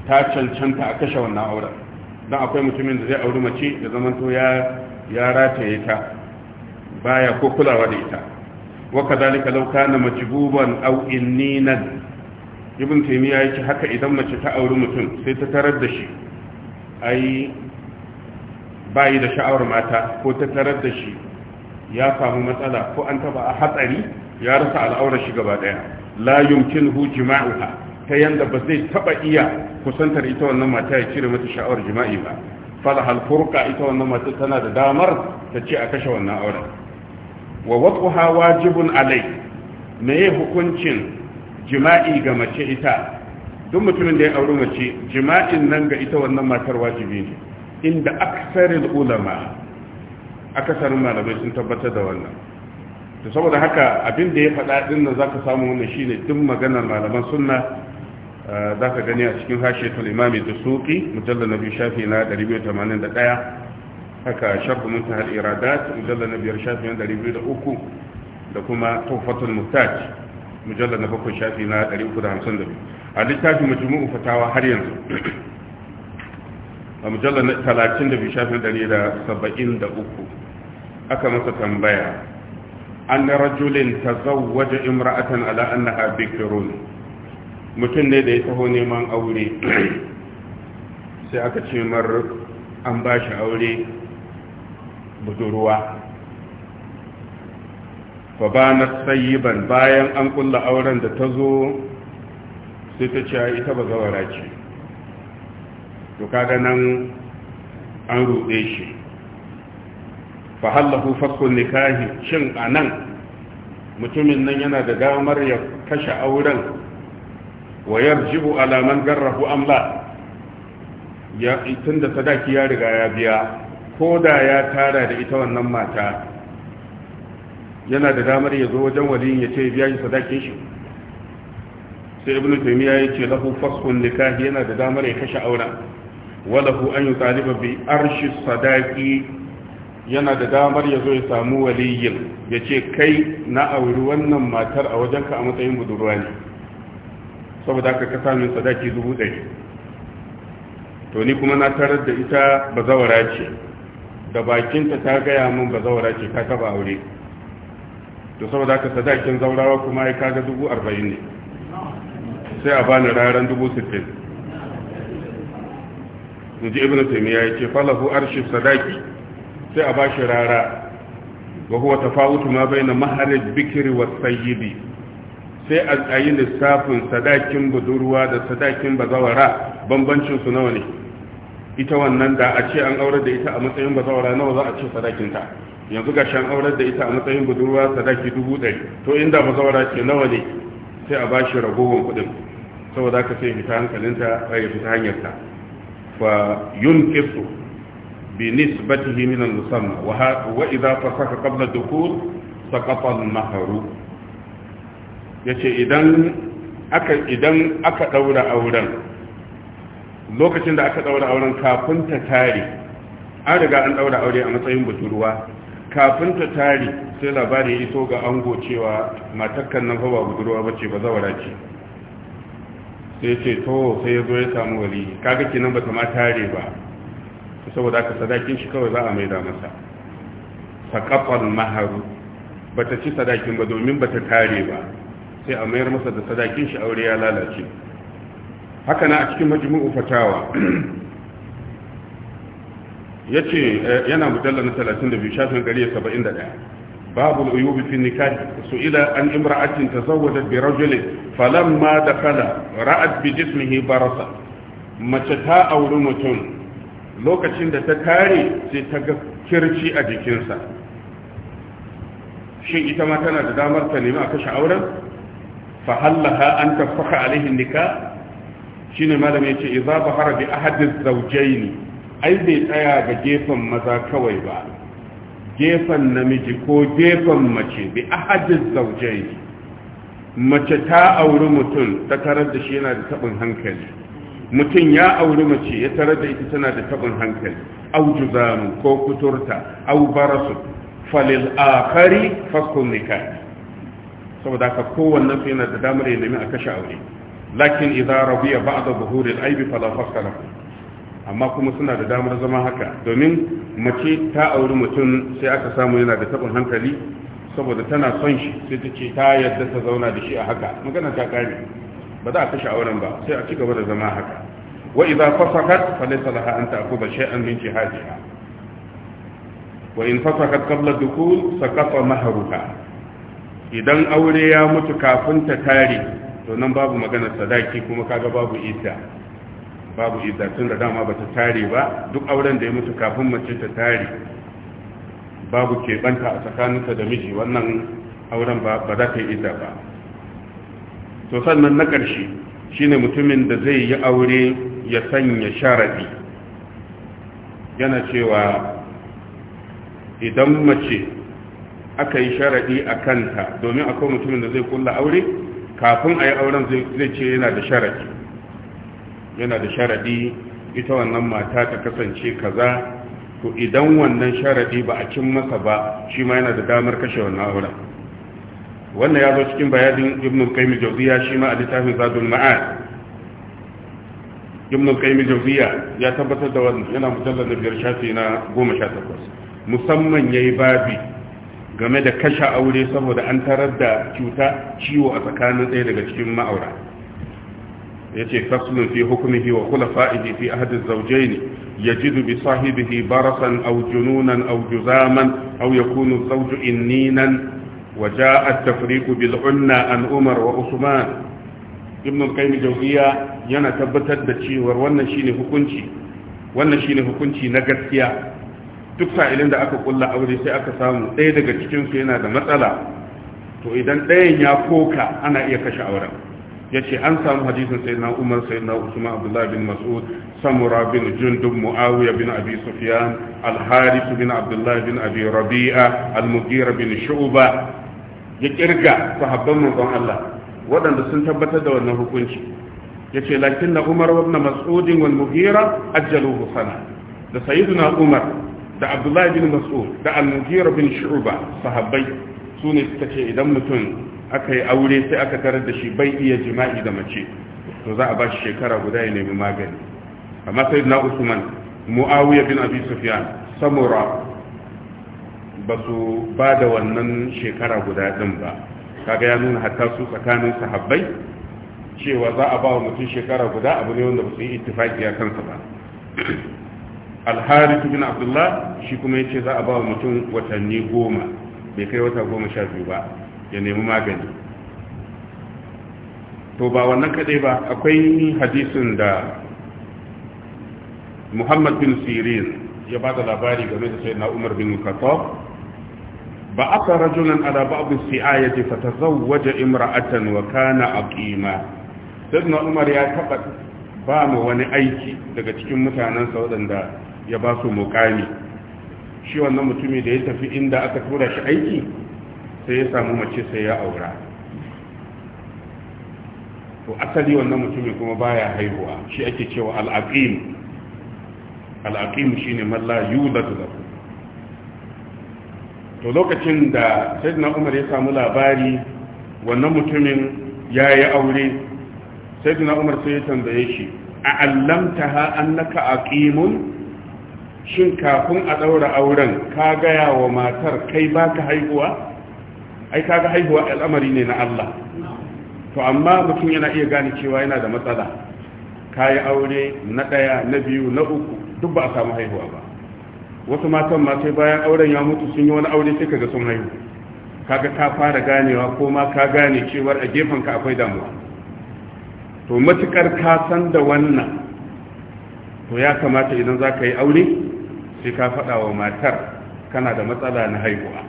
ta cancanta a kashe wannan auren dan akwai mutumin da zai auri mace da to ya ya rataye ta baya ko kulawa da ita wa kadalika law kana majbuban aw inninan ibn taymiya yake haka idan mace ta auri mutum sai ta tarar da shi ai bayi da sha'awar mata ko ta tarar da shi ya samu matsala ko an taba a hatsari ya rasa al'aurar shi gaba daya la hu jima'uha ta yanda ba zai taba iya kusantar ita wannan mata ya cire mata sha'awar jima'i ba fa hal furqa ita wannan mata tana da damar ta ce a kashe wannan auren wa hawa wajibun alai yi hukuncin jima'i ga mace ita duk mutumin da ya auri mace jima'in nan ga ita wannan matar wajibi ne inda aksarin ulama akasarin malamai sun tabbatar da wannan to saboda haka abin da ya faɗa din nan zaka samu wannan shine duk maganar malaman sunna eh, zaka gani a cikin hashiyatul imami da mujallar na nabi shafi na 281 haka sharh muntahal iradat mujallal na biyar shafi na shafin biyu da uku da kuma tuhfatul muhtaj mujallal na bakwai shafi na uku da da hamsin biyu. a littafin majmu'u fatawa har yanzu a mujallar na talatin da da biyu, shafi na saba'in da uku, aka masa tambaya an na rajulin ta waje imra'atan ala annaha bikirun mutum ne da ya taho neman aure sai aka ce mar an ba shi aure budurwa fa bana tsayiban bayan an kulla auren da ta zo sai ta ce ita ba zawara ce to kaga nan an ruɗe shi fa hallahu fakkun nikahi shin anan mutumin nan yana da damar ya kashe auren wa yarjibu ala man garrahu amla ya tunda sadaki ya riga ya biya ko da ya tara da ita wannan mata yana da damar ya zo wajen waliyin ya ce biya shi sadakin shi sai ibnu taymiya ya ce lahu fasqun nikahi yana da damar ya kashe aura walahu an yutaliba bi arshi sadaqi yana da damar ya zo ya samu waliyin ya ce kai na auri wannan matar a wajenka a matsayin budurwa ne saboda aka kasa min sadaki dubu ɗari to ni kuma na tarar da ita bazawara ce da bakinta ta gaya mun ba zaura ce ka taba aure to saboda haka sadakin zaurawa kuma ya kaga dubu arba'in ne sai a bani raran dubu sittin in ji ibn taimiyya ya ce falahu arshi sadaki sai a bashi rara wa huwa tafawutu ma bayna maharij bikri wa sayyidi sai a yi lissafin sadakin budurwa da sadakin bazawara bambancin su nawa ne ita wannan da a ce an aurar da ita a matsayin bazawara nawa za a ce sadakinta yanzu ga shan aurar da ita a matsayin budurwa sadaki dubu ɗari to inda bazawara ce nawa ne sai a bashi ragowar kuɗin saboda ka sai fita hankalinta ya fita hanyarta fa yun kisu bi nisbati min al-musamma wa idza fasaka qabla dukhul saqata al-mahru yace idan aka idan aka daura auren lokacin da aka daura auren kafin ta tare an riga an daura aure a matsayin budurwa kafin ta tare sai labari ya iso ga ango cewa matakan nan ba budurwa bace ba zawara ce sai ce to sai ya zo ya samu wali kaga kenan ba ta ma tare ba saboda aka sadakin shi kawai za a maida masa faƙafar maharu ba ta ci sadakin ba domin ba ta tare ba sai a mayar masa da sadakin shi aure ya lalace haka na a cikin majmu'u fatawa yace eh, yana mujalla na 32 shafin 171 babul uyubi fi nikah su'ila an imra'atin tazawwajat bi rajulin falamma dakala ra'at bi jismihi barasa mace ta auri mutum lokacin da ta kare sai ta ga kirci a jikinsa shin ita ma tana da damar ta nemi a kashe auren fa hallaha an tafaka alaihin nikah shine malam yace idza bahara bi ahadiz zawjayn ai bai tsaya ga gefen maza kawai ba gefen namiji ko gefen mace bi ahadiz zawjayn mace ta auri mutum ta tarar da shi yana da tabin hankali mutum ya auri mace ya tarar da ita tana da tabin hankali aw juzanu ko kuturta au barasu falil akhari fasqun nikah saboda haka kowanne yana da damar ya nemi a kashe aure lakin idza rabiya ba'da zuhuril aibi fala fasala amma kuma suna da damar zama haka domin mace ta auri mutum sai aka samu yana da tabin hankali saboda tana son shi sai ta ce ta yadda ta zauna da shi a haka magana ta kare ba za a kashe auren ba sai a ci gaba da zama haka wa idza fasakat falaysa laha an ta'khudha shay'an min jihadiha wa in fasakat qabla dukul saqata mahruha idan aure ya mutu kafin ta tare to nan babu maganar sadaki kuma kaga babu idda babu idda tun da dama bata tare ba duk auren da ya mutu kafin mace ta tare babu keɓanta a tsakaninta da miji wannan auren ba za ta yi idda ba to sannan na ƙarshe shine mutumin da zai yi aure ya sanya sharadi yana cewa idan mace aka yi sharadi a kanta domin akwai mutumin da zai kulla aure kafin a yi auren zai ce yana da sharadi yana da sharadi ita wannan mata ta kasance kaza to idan wannan sharadi ba a cin masa ba shi ma yana da damar kashe wannan auren wannan ya zo cikin bayanin ibn qayyim jawziya shi ma a littafin zadul ma'ad ibn qayyim jawziya ya tabbatar da wannan yana mujallal na biyar shafi na 18 musamman yayi babi game da kashe aure saboda an tarar da cuta ciwo a tsakanin ɗaya daga cikin ma'aura ya ce fasulun fi hukumihi wa kula fa'idi fi ahadin zaujai ne ya ji dubi sahibihi barasan au jununan au juzaman au ya kunu zauju inninan wa ja'ad tafriqu bil unna an umar wa usman ibn qayyim jawziya yana tabbatar da cewa wannan shine hukunci wannan shine hukunci na gaskiya duk sa'ilin da aka kulla aure sai aka samu ɗaya daga cikinsu yana da matsala to idan ɗayan ya koka ana iya kashe auren ya ce an samu hadisin sai na umar sai na usman abdullahi bin mas'ud samura bin jundub muawiya bin abi sufyan al-haris bin abdullahi bin abi rabi'a al-mughira bin Shu'uba. ya kirga sahabban manzon Allah waɗanda sun tabbatar da wannan hukunci ya ce lakin na umar wa mas'udin wal mughira ajjaluhu sana da sayyiduna umar da abdullahi bin mas'ud da al-mughira bin shu'ba sahabbai su ne suka ce idan mutum aka yi aure sai aka tarar da shi bai iya jima'i da mace to za a ba shi shekara guda ya nemi magani amma sai na usman muawiya bin abi sufyan samura ba su ba da wannan shekara guda din ba kaga ya nuna hatta su tsakanin sahabbai cewa za a ba wa mutum shekara guda abu ne wanda ba su yi ittifaki a kansa ba Alhari bin abdullah shi kuma ya ce za a ba wa mutum watanni goma bai kai wata goma sha biyu ba ya nemi magani to ba wannan kadai ba akwai hadisin da muhammad bin sirin ya ba da labari game da sai na umar bin khattab ba aka rajulan ala ba'd si'ayati fatazawwaja imra'atan wa kana aqima sayyidina umar ya taba ba mu wani aiki daga cikin mutanensa waɗanda ya ba su mukami shi wannan mutumi da ya tafi inda aka tura shi aiki sai ya samu mace sai ya aura to asali wannan mutumi kuma baya haihuwa shi ake cewa al'aqim al'aqim shine man la yuladu lahu to lokacin da sayyidina Umar ya samu labari wannan mutumin yayi aure sayyidina Umar sai ya tambaye shi a annaka aqimun shin kafin a ɗaura auren ka gaya wa matar kai ba ka haihuwa ai ka ga haihuwa al'amari ne na Allah to amma mutum yana iya gane cewa yana da matsala ka yi aure na ɗaya na biyu na uku duk ba a samu haihuwa ba wasu matan ma sai bayan auren ya mutu sun yi wani aure sai kaga sun haihu kaga ka fara ganewa ko ma ka gane cewar a gefen ka akwai damuwa to matukar ka san da wannan to ya kamata idan za ka yi aure sai ka faɗa wa matar kana da matsala na haihuwa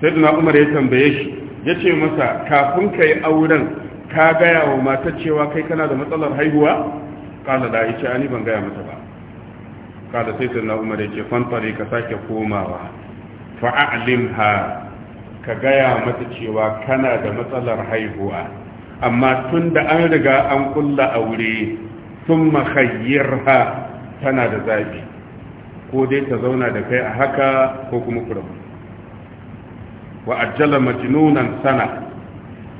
sai na umar ya tambaye shi ya ce masa kafin ka yi auren ka gaya wa matar cewa kai kana da matsalar haihuwa kala da ya ce ani ban gaya mata ba kala sai na umar ya ce fantari ka sake komawa ha ka gaya mata cewa kana da matsalar haihuwa amma tun da an riga an kulla aure sun makayyar tana da zafi. ko dai ta zauna da kai a haka ko kuma ku rabu wa ajjala majnunan sana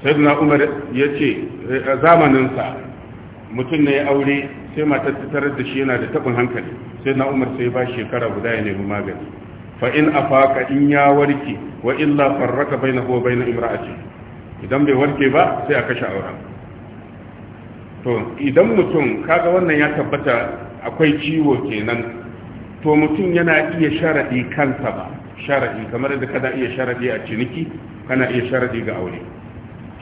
sayyidina umar ya ce eh, zamaninsa mutum ne ya aure sai matar ta tarar da shi yana da tabin hankali sayyidina umar sai ba shekara guda ya nemi magani fa in afaka in ya warke wa illa farraka bainahu wa bain imra'ati idan bai warke ba sai a kashe auren to idan mutum kaga wannan ya tabbata akwai ciwo kenan to mutum yana iya sharaɗi kansa ba sharaɗi kamar da kana iya sharaɗi a ciniki kana iya sharaɗi ga aure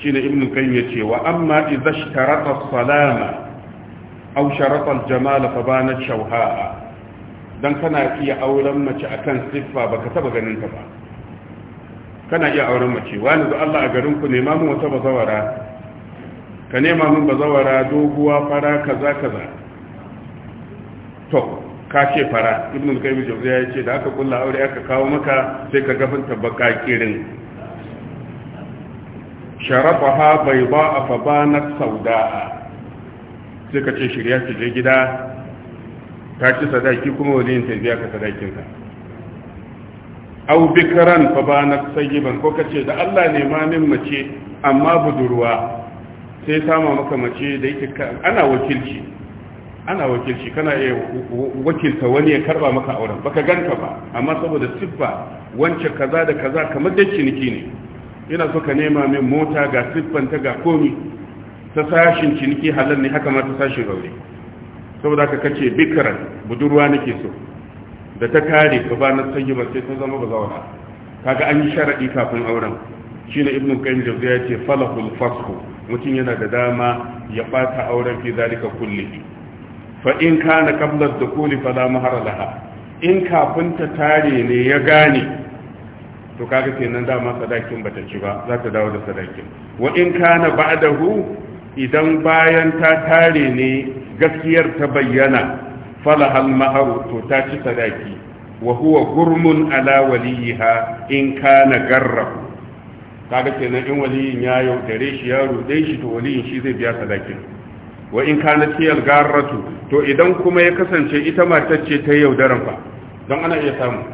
Shi shine ibnu qayyim yace wa amma idza ishtarata salama au sharata al-jamal fa banat shawha'a dan kana iya auren mace akan siffa baka taba ganin ta ba kana iya auren mace wani da Allah a garin ku nema mun wata bazawara ka nema mun bazawara doguwa fara kaza kaza to ka ce fara ibn al-qayyim jawziya yace da aka kulla aure aka kawo maka sai ka gafin tabbaka kirin sharafaha bayda fa banat sawda'a sai ka ce shirya ki je gida ta ci sadaki kuma wani ta biya ka sadakin ka aw bikran fa banat sayyiban ko ce da Allah ne ma min mace amma budurwa sai sama maka mace da yake ana wakilci ana wakilci kana iya wakilta wani ya karba maka auren baka ganta ba amma saboda siffa wance kaza da kaza kamar dai ciniki ne ina so ka nema min mota ga siffan ta ga komi ta sashin ciniki halal ne haka ma ta sashin raure saboda ka kace bikran budurwa nake so da ta kare ka ba na sai ba sai ta zama ba zauna kaga an yi sharadi kafin auren shine ibnu qayyim ya ce falahul fasxu mutum yana da dama ya bata auren fi zalika kullihi fa in kana qabla ad-dukhuli fala mahara laha in kafin ta tare ne ya gane to kaga kenan dama sadakin bata ci ba za ta dawo da sadakin wa in kana ba'dahu idan bayan ta tare ne gaskiyar ta bayyana falahal maharu to ta ci sadaki wa huwa gurmun ala waliha in kana garra kaga kenan in waliyin ya yaudare shi ya rude shi to waliyin shi zai biya sadakin wa in kana tiyal garratu to idan kuma ya kasance ita matar ce ta yaudaran fa don ana iya samu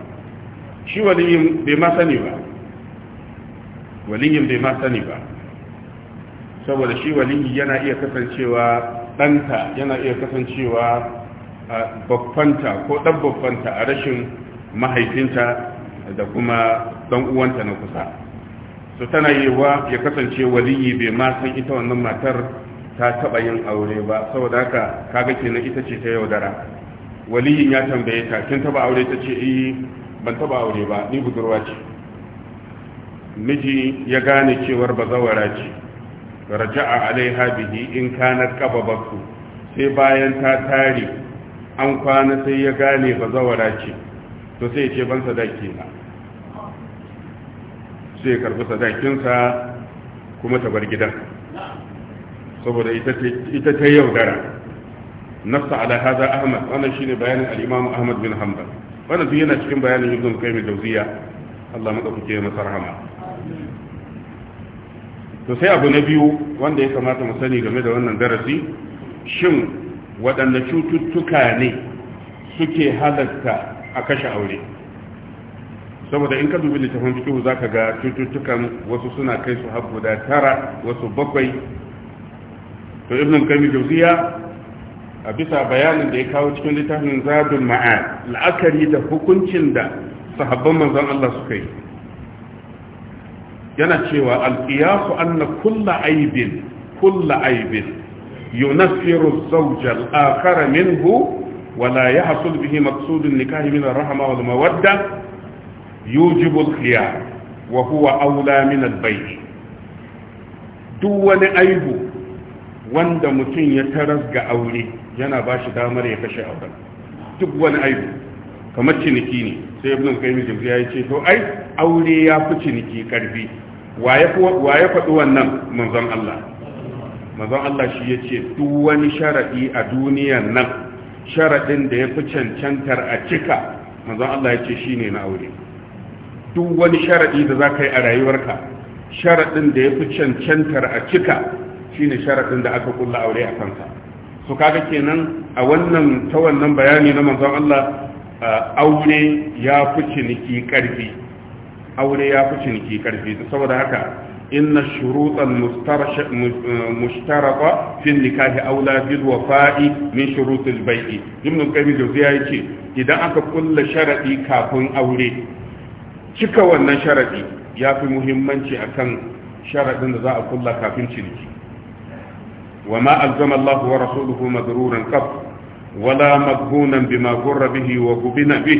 shi waliyin bai ma sani ba waliyin bai ma sani ba saboda shi waliyi yana iya kasancewa ɗanta yana iya kasancewa babbanta ko ɗan babbanta a rashin mahaifinta da kuma ɗan uwanta na kusa su tana yi wa ya kasance waliyi bai ma san ita wannan matar ta taba yin aure ba saboda haka kaga kenan ita ce ta yaudara waliyin ya tambaye ta kin taba aure ta ce eh ban taba aure ba ni budurwa ce miji ya gane cewar bazawara ce raja'a alaiha bihi in kana qababatu sai bayan ta tare an kwana sai ya gane bazawara ce to sai ya ce ban sadaki na sai ya karbi sadakinsa kuma ta bar gidan saboda ita ta yaudara nafsa ala hada ahmad wannan shine bayanin al-imam ahmad bin hanbal wannan duk yana cikin bayanin ibn qayyim al-jawziya Allah madaukake masa rahama to sai abu na biyu wanda ya kamata mu sani game da wannan darasi shin waɗanne cututtuka ne suke halatta a kashe aure saboda in ka dubi littafin fikihu zaka ga cututtukan wasu suna kai su har guda tara wasu bakwai to ibn kami jawziya a bisa bayanin da ya kawo cikin littafin zadun ma'ad la'akari da hukuncin da sahabban manzon Allah suka yi yana cewa alqiyas anna kullu aibin kullu aibin yunasiru zawja al-akhar minhu wa la yahsul bihi maqsud an-nikah min ar-rahma wal mawadda yujibu al-khiyar wa huwa awla min al-bayt duwani aibu wanda mutum ya taras ga aure yana ba shi damar ya kashe aure, duk wani aibu kamar ciniki ne sai ibn qayyim jawziya ya ce to ai aure ya fi ciniki karfi wa ya faɗi wannan manzon Allah manzon Allah shi ya ce duk wani sharaɗi a duniyan nan sharaɗin da ya fi cancantar a cika manzon Allah ya ce shi ne na aure duk wani sharaɗi da za ka yi a rayuwarka sharaɗin da ya fi cancantar a cika shine sharadin da aka kulla aure a kansa su kaga kenan a wannan ta wannan bayani na manzon Allah aure ya fi ciniki karfi aure ya fi ciniki karfi saboda haka inna shurutan e, mushtarata fi nikahi aula bil wafa'i min shurutil bai'i ibn qayyim jawziya yace idan aka kulla sharadi kafin aure cika wannan sharadi ya fi muhimmanci akan sharadin da za a kulla kafin ciniki وما ألزم الله ورسوله مغرورا قط ولا مجبونا بما غر به وغبن به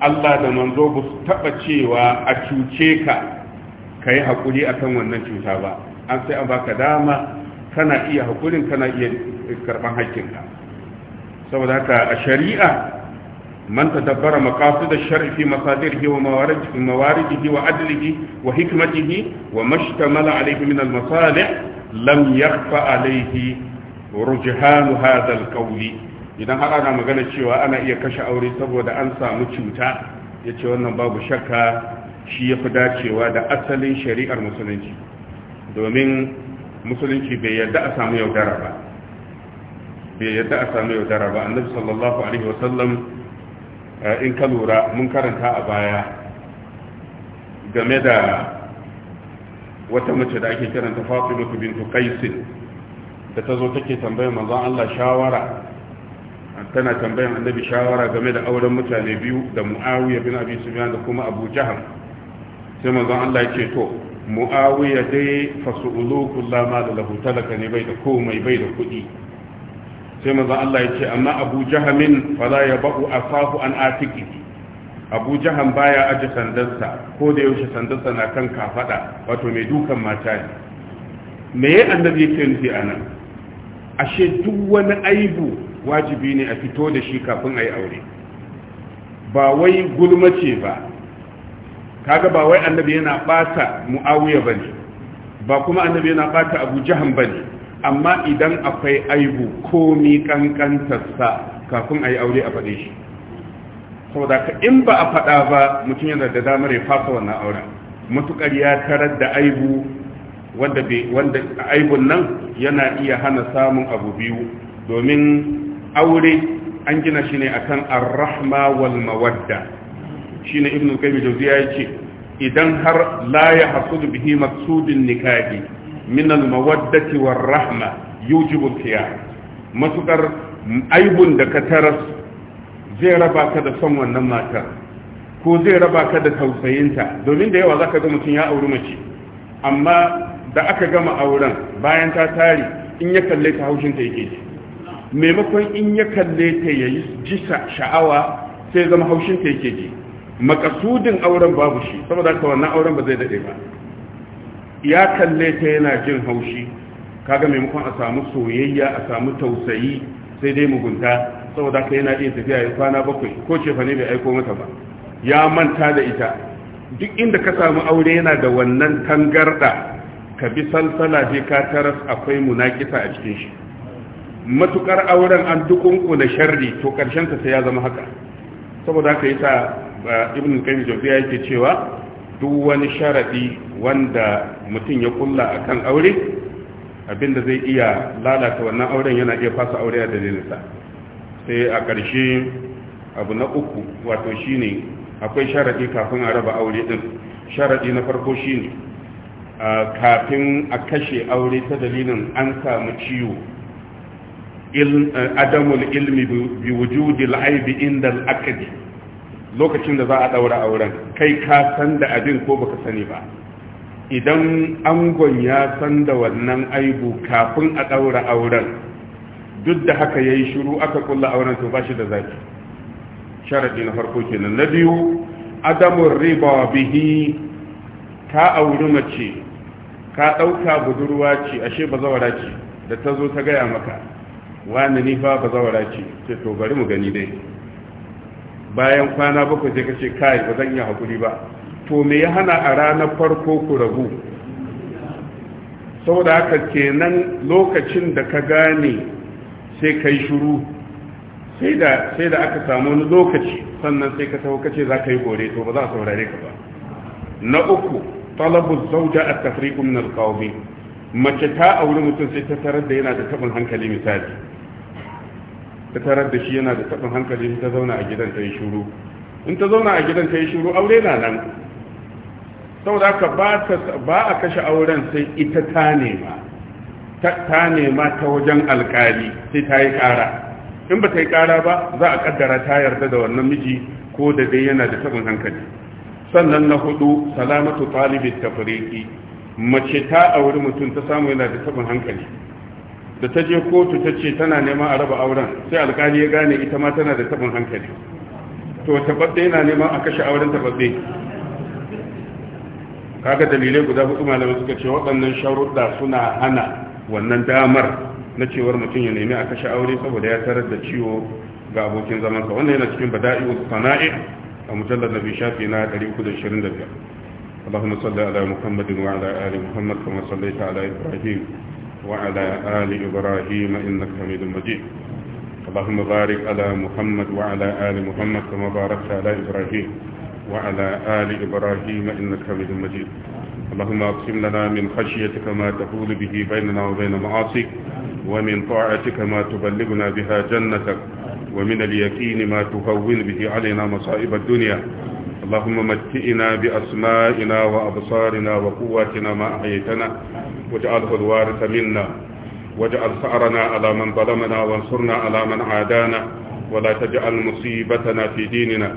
Allah da manzo ba su taɓa cewa a cuce ka kayi yi akan wannan cuta ba an sai an baka dama kana iya haƙurin kana iya karɓar haƙƙinka saboda haka a shari'a man ta dabbara makasu da sharifi wa mawaridihi wa adlihi wa hikmatihi wa mashtamala alaihi min al lam yakfa alaihi rujhan hadha idan har ana magana cewa ana iya kashe aure saboda an samu cuta yace wannan babu shakka shi yafi dacewa da asalin shari'ar musulunci domin musulunci bai yarda a samu yaudara ba bai yadda a samu yaudara ba annabi sallallahu alaihi wasallam eh, in ka lura mun karanta a baya game da wata mace da ake kiranta fatimatu bintu qais da ta zo take tambayar manzon Allah shawara tana tambayar annabi shawara game da auren mutane biyu da muawiya bin abi sufyan da kuma abu jahal sai manzon Allah ya ce to muawiya dai fasuluku la ma lahu talaka ne bai da komai bai da kuɗi sai manzon Allah ya ce amma abu jahamin fala yabu asahu an atiki abu jahan baya aji sandarsa ko da yaushe sandarsa na kan kafada wato mai dukan mata ne me ya annabi yake nufi a nan ashe duk wani aibu wajibi ne a fito da shi kafin a yi aure ba wai gulmace ba kaga ba wai annabi yana bata mu'awiya ba ne ba kuma annabi yana bata abu jahan ba ne amma idan akwai aibu komi kankantarsa kafin a yi aure a faɗe shi saboda ka in ba a faɗa ba mutum yana da damar ya fasa wannan auren Matuƙar ya tarar da aibu wanda wanda aibun nan yana iya hana samun abu biyu domin aure an gina shi ne akan ar-rahma wal mawadda shine ibnu qayyim jawziya yace idan har la ya hasudu bihi maqsudun nikahi min al-mawaddati war rahma yujibu al-khiyar matukar aibun da ka taras zai raba ka da son wannan matar ko zai raba ka da tausayinta domin da yawa zaka ga mutum ya auri mace amma da aka gama auren bayan ta tari in ya kalle ta haushinta yake ji maimakon in ya kalle ta ya yayi jisa sha'awa sai zama haushinta yake ji makasudin auren babu shi saboda ka wannan auren ba zai dade ba ya kalle ta yana jin haushi kaga maimakon a samu soyayya a samu tausayi sai dai mugunta saboda ka yana iya tafiya ya kwana bakwai ko ce ne bai aiko mata ba ya manta da ita duk inda ka samu aure yana da wannan tangarda ka bi salsala je ka taras akwai munakisa a cikin shi matukar auren an dukunku na sharri to karshen ta sai ya zama haka saboda haka ta eh, ibn qayyim jawziya yake cewa duk wani sharadi wanda mutum ya kulla akan aure abinda zai iya lalata wannan auren yana iya fasa aure a dalilinsa sai a ƙarshe abu na uku wato shi ne, akwai sharaɗi kafin a raba aure ɗin sharaɗi na farko shi ne. kafin a kashe aure ta dalilin an samu ciwo adamul ilmi bi wujudil la'aibi inda al'akadi lokacin da za a ɗaura auren kai ka san da abin ko baka sani ba idan angon ya san da wannan aibu kafin a ɗaura auren duk da haka yayi shiru aka kulla auren to bashi da zaki sharadi na farko kenan na biyu adamu riba bihi ka auri mace ka dauka budurwa ce ashe bazawara ce da ta zo ta gaya maka wani ni fa bazawara ce ce to bari mu gani dai bayan kwana bakwai sai ka kai ba zan yi hakuri ba to me ya hana a ranar farko ku rabu saboda haka kenan lokacin da ka gane sai ka yi shuru sai da aka samu wani lokaci sannan sai ka taho kace za ka yi gore to ba za a saurare ka ba na uku talabu zauja a tafriku min alqawmi mace ta a wuri mutum sai ta tarar da yana da tabin hankali misali ta tarar da shi yana da tabin hankali ta zauna a gidan ta yi shuru in ta zauna a gidan ta yi shuru aure na nan saboda haka ba a kashe auren sai ita ta nema ta nema ta wajen alkali sai ta yi kara in ba ta yi kara ba za a kaddara ta yarda da wannan miji ko da dai yana da tabin hankali sannan na hudu salamatu ta fariki mace ta auri mutum ta samu yana da tabin hankali da ta je kotu ta ce tana neman a raba auren sai alkali ya gane ita ma tana da tabin hankali to tabbatai yana neman a kashe auren tabbatai kaga dalilai guda hudu malamai suka ce waɗannan sharuɗa suna hana wannan damar na cewar mutum ya nemi a kashe aure saboda ya tarar da ciwo ga abokin zamansa wannan yana cikin bada'i'u sana'i a mujallar nabi shafi na 325 اللهم صل على محمد وعلى آل محمد كما صليت على إبراهيم وعلى آل إبراهيم إنك حميد مجيد اللهم بارك على محمد وعلى آل محمد كما باركت على إبراهيم وعلى آل إبراهيم إنك حميد مجيد اللهم اقسم لنا من خشيتك ما تحول به بيننا وبين معاصيك ومن طاعتك ما تبلغنا بها جنتك ومن اليقين ما تهون به علينا مصائب الدنيا اللهم متئنا بأسمائنا وأبصارنا وقواتنا ما أحيتنا واجعله الوارث منا واجعل ثأرنا على من ظلمنا وانصرنا على من عادانا ولا تجعل مصيبتنا في ديننا